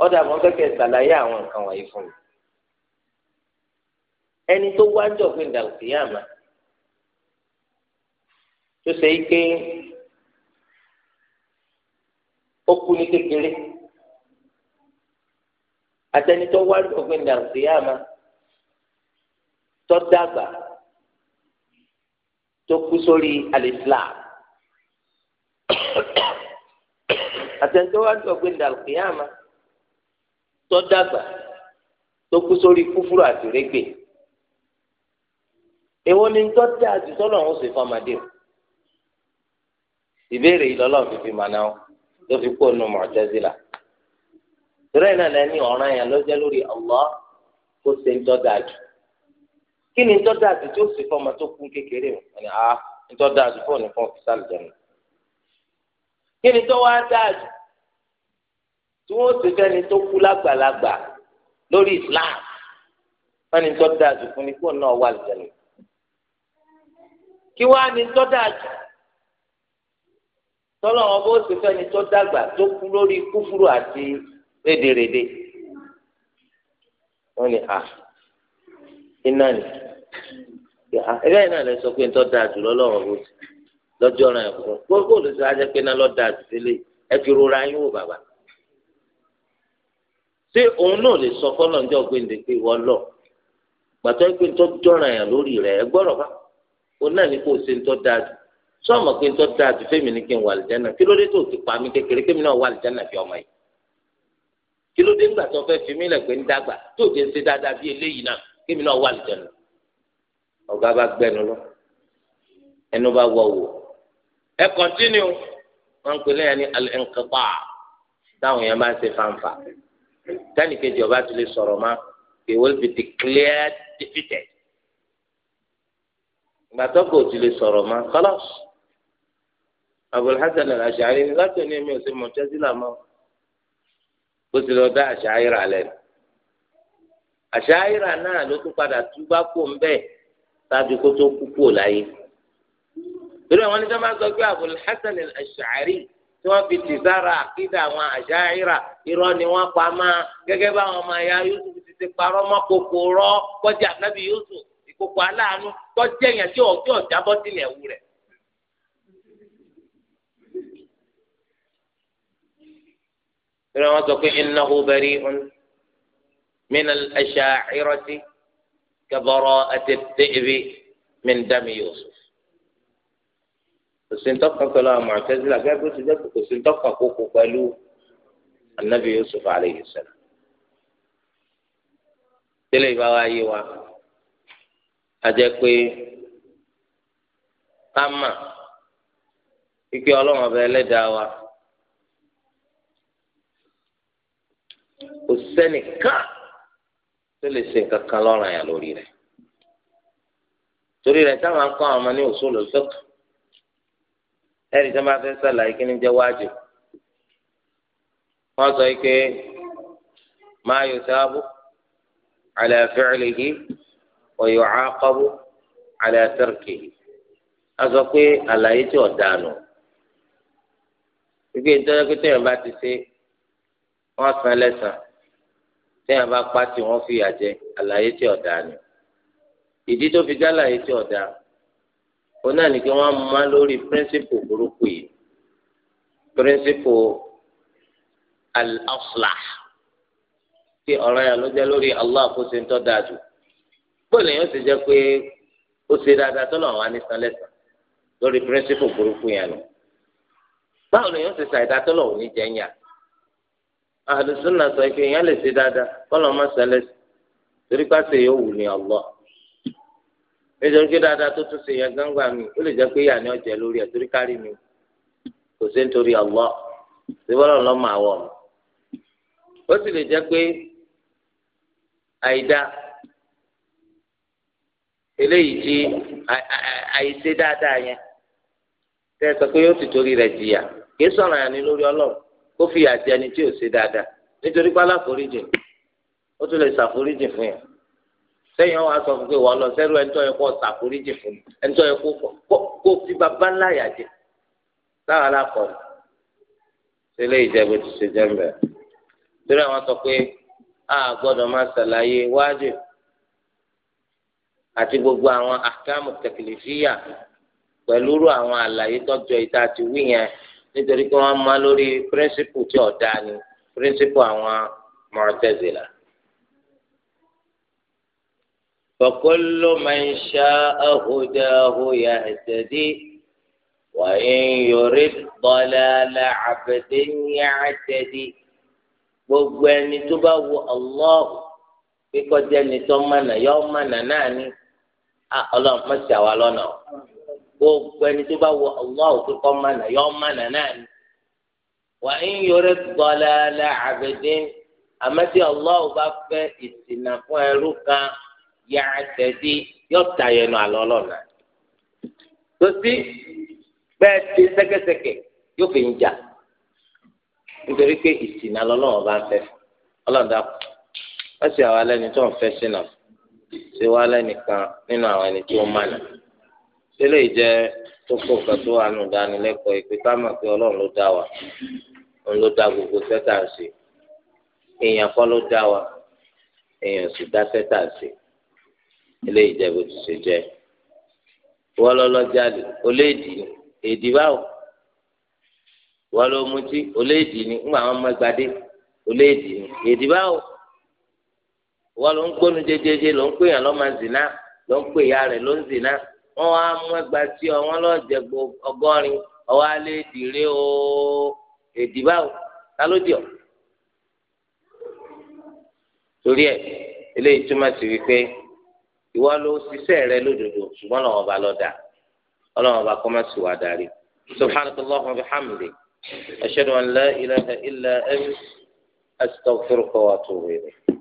ọ̀dà àwọn kẹ́kẹ́ ṣàlàyé àwọn nǹkan wọ̀nyí fún mi ẹni tó wájọ pé dàlùkìyàmà tó ṣe ike ó kú ní kékeré àtẹnitọ́ wájọ pé dàlùkìyàmà tó dàgbà tó kú sórí alìsílám àtẹnudọ́wájú ọ̀gbìn dàlùkìyàmà tó dàgbà tó kú sórí kúfúrú àti rẹ́gbẹ̀ èwo ni tó dá àtúntò lọ́wọ́ sí fọmọdé o ìbéèrè yìí lọ́lọ́ fífi màná o tó fi kó nu Mu'tazila torí ẹ̀ náà lẹ́ni ọ̀ràn yẹn ló jẹ́ lórí Allah kó ṣe ń tọ́ dáa jù kí ni tọ́ dáa tó sì fọmọ ah, tó kún kékeré mu ẹni a tọ́ dáa tó fọ́ọ̀nù fún ọ̀fíìsì àlùjẹ́nu kí ni tọ́ wá dáa jù tí wọ́n sì fẹ́ni tó kú lágbàlagbà lórí Islam wọ́n ní tọ́ dáa jù fún ni kó náà wà àlùjẹ́nu kí wá ni tọ́ dáa jù tọ́lọ́ wọn bó sì fẹ́ni tó dàgbà tó kú lórí kúfúrú àti rédèrèdè wọ́n ní a. Ah iná ni ẹgbẹ́ iná lẹ sọ pé ń tọ́ da jù lọ́lọ́run ọ̀hún lọ́jọ́ ọ̀ràn ẹ̀kọ́ gbogbo olùsọ ajẹ́ pé iná lọ́ da jù sílé ẹ fi rora yín wò bàbá ṣé òun náà lè sọ pé lọ gbàtọ́ pé ń tọ́ lórí rẹ̀ ẹ bá òun náà ṣe ń tọ́ da jù pé ń tọ́ da jù fẹ́mi ti pa mí kékeré náà wà kémi náà wà lìjẹnu ọ̀gá bá gbẹnu lọ ẹnu bá wọ wò ẹ kọ́ntínú wọn pè lẹ́yìn ní alẹ́nkẹ́pà táwọn yẹn máa ń ṣe fanfa tani kejì ọba ti lè sọ̀rọ̀ ma they will be declared defeated gbàtọ́ kò ti lè sọ̀rọ̀ ma kọ́lọ́s Abul al-Ash'ari láti oní mi ò sí Mu'tazila mọ́ bó ti lọ dá àṣà rà lẹ́nu àṣàyíra náà ló tún padà túbá kó ń bẹ́ẹ̀ sáájú kó tó kú kúrò láyé. torí àwọn oníṣẹ́ máa ń sọ pé Abul Hasan al-Ash'ari tí wọ́n fi tì sára àkídà àwọn àṣàyíra irọ́ ni wọ́n pa máa gẹ́gẹ́ báwọn ọmọ ẹ̀yà Yusuf ti ti parọ́ mọ́ kòkòrò kọjá ànábì Yusuf ìkòkò aláàánú tọ́jú èèyàn tí ọjọ́ ìjábọ́ tilẹ̀ wù rẹ̀. torí àwọn sọ pé innahu bari'un من الأشاعرة كبراءة الذئب من دم يوسف السنتقى كلام معتزلة قال بس ذلك السنتقى كوكو قالوا النبي يوسف عليه السلام tẹ́lẹ̀ ìbá wa أما wa àjẹ pé ká mà ike ọba ẹlẹ́dàá wa kò sẹ́nìkan tó lè ṣe nǹkan kan lọ́ràn yà lórí rẹ̀ torí rẹ̀ táwọn akọ́ àwọn ọmọ ní usulul fiqh ẹ̀rí tó máa fẹ́ sàlàyé kí ni jẹ́ wájib wọ́n sọ pé ma yusabu ala fi'lihi wa yu'aqabu ala tarkihi a sọ pé àlàyé tí ọ̀dà nù wípé pé tẹ̀yìn bá ti ṣe wọ́n san lẹ́sàn téèyàn bá pa tí wọ́n fìyà jẹ àlàyé tí ọ̀dà ni ìdí tó fi jálàyé tí ọ̀dà ó náà ní kí wọ́n má lórí píríncípù burúkú yìí píríncípù al-aslah tí ọ̀rọ̀ yà ló jẹ́ lórí Allah kó ṣe ń tọ́ da jù bóòlù yẹn ti jẹ́ pé ó ṣe dáadáa tó lọ́wọ́ anísan lẹ́sàn lórí píríncípù burúkú yẹn nù báwo ni yóò ṣe ṣàìdá tó lọ́wọ́ oníjẹ́ ń yà àlùsùnà sọ pé èèyàn lè ṣe dáadáa kọ́lọ̀ má sẹlẹ̀ torí pàṣẹ yóò wù ní ọlọ́ nítorí pé dáadáa tó tún ṣe yẹn gángba mi ó lè jẹ́ pé ni lórí se torí kárí mi kò sí nítorí ma síbọ̀lọ́ lọ́ máa ó sì lè jẹ́ pé àìdá eléyìí tí àìṣe dáadáa yẹn ẹ sọ pé yóò ti torí jìyà kì kó fi àti ẹni tí ò ṣe dáadáa nítorí pé aláforíjì ó tún lè ṣàforíjì fún yẹn sẹ́yìn wa sọ fún pé wọ́n lọ sẹ́rù ẹni tó yẹ kó ṣàforíjì fún ẹni tó yẹ kó kó fi bàbá ńlá yà jẹ táwa lápọ̀ ní sílẹ̀ ìjẹ́bù ti ṣe jẹ́ mbẹ́ torí àwọn sọ pé a gbọ́dọ̀ máa ṣàlàyé wájú àti gbogbo àwọn àkàmù tẹkìlìfíyà pẹ̀lú àwọn àlàyé tọ́jọ́ ìta ti wí yẹn nítorí pé wọ́n máa lórí píríncípù tí ọ̀dà ni píríncípù àwọn Mu'tazila. فكل من شاء هداه يهتدي وإن يرد ضلال عبد يعتدي gbogbo ẹni tó bá wo Allah kíkọjá ẹni tó mọ̀nà yọ mọ̀nà náà ni ah, ọlọ́run mọ̀ sí àwa lọ́nà gbogbo ẹni tó bá wọ kọ́ mánà yọ mánà náà ni. wà á yọrẹ bá fẹ́ ìsìnà fún ẹrú kan yà á yọ tàyẹnu àlọ́ lọ́nà. tó sí bẹ́ẹ̀ ti sẹ́kẹ́sẹ́kẹ́ yóò fi ń jà nítorí pé ìsìnà lọ́lọ́wọ́ bá ń fẹ́ ọlọ́dà nínú àwọn ẹni tó ń tẹ́lẹ̀ jẹ́ kókó kan tó wà nù dánilẹ́kọ̀ọ́ ìpè ká pé ló wa òun ló dá gbogbo sẹ́tà sí èèyàn kọ́ ló wa èèyàn sì dá sẹ́tà sí eléyìí jẹ́ bó ti ṣe jẹ́ wọ́n jáde oléèdì èdè báwo wọ́n mutí ni ńgbà wọn mẹ́gbàdé ole ni èdè báwo wọ́n ń gbónu jẹjẹjẹ ń pè yàn lọ ń ya ń wọn wá mú ẹgbàá tí ọ wọn lọ jẹ ọgọ́rin ọwọ alẹ dìrẹ o èdè báwo ta ló dì ọ torí ẹ eléyìí túmọ̀ sí wípé ìwọ ló ṣiṣẹ́ rẹ lódodo ṣùgbọ́n lọ́wọ́ ba lọ́dà ọlọ́wọ́ ba kọ́ má sì darí subhanakallah wa bihamdi ashhadu an la ilaha illa anta astaghfiruka wa atubu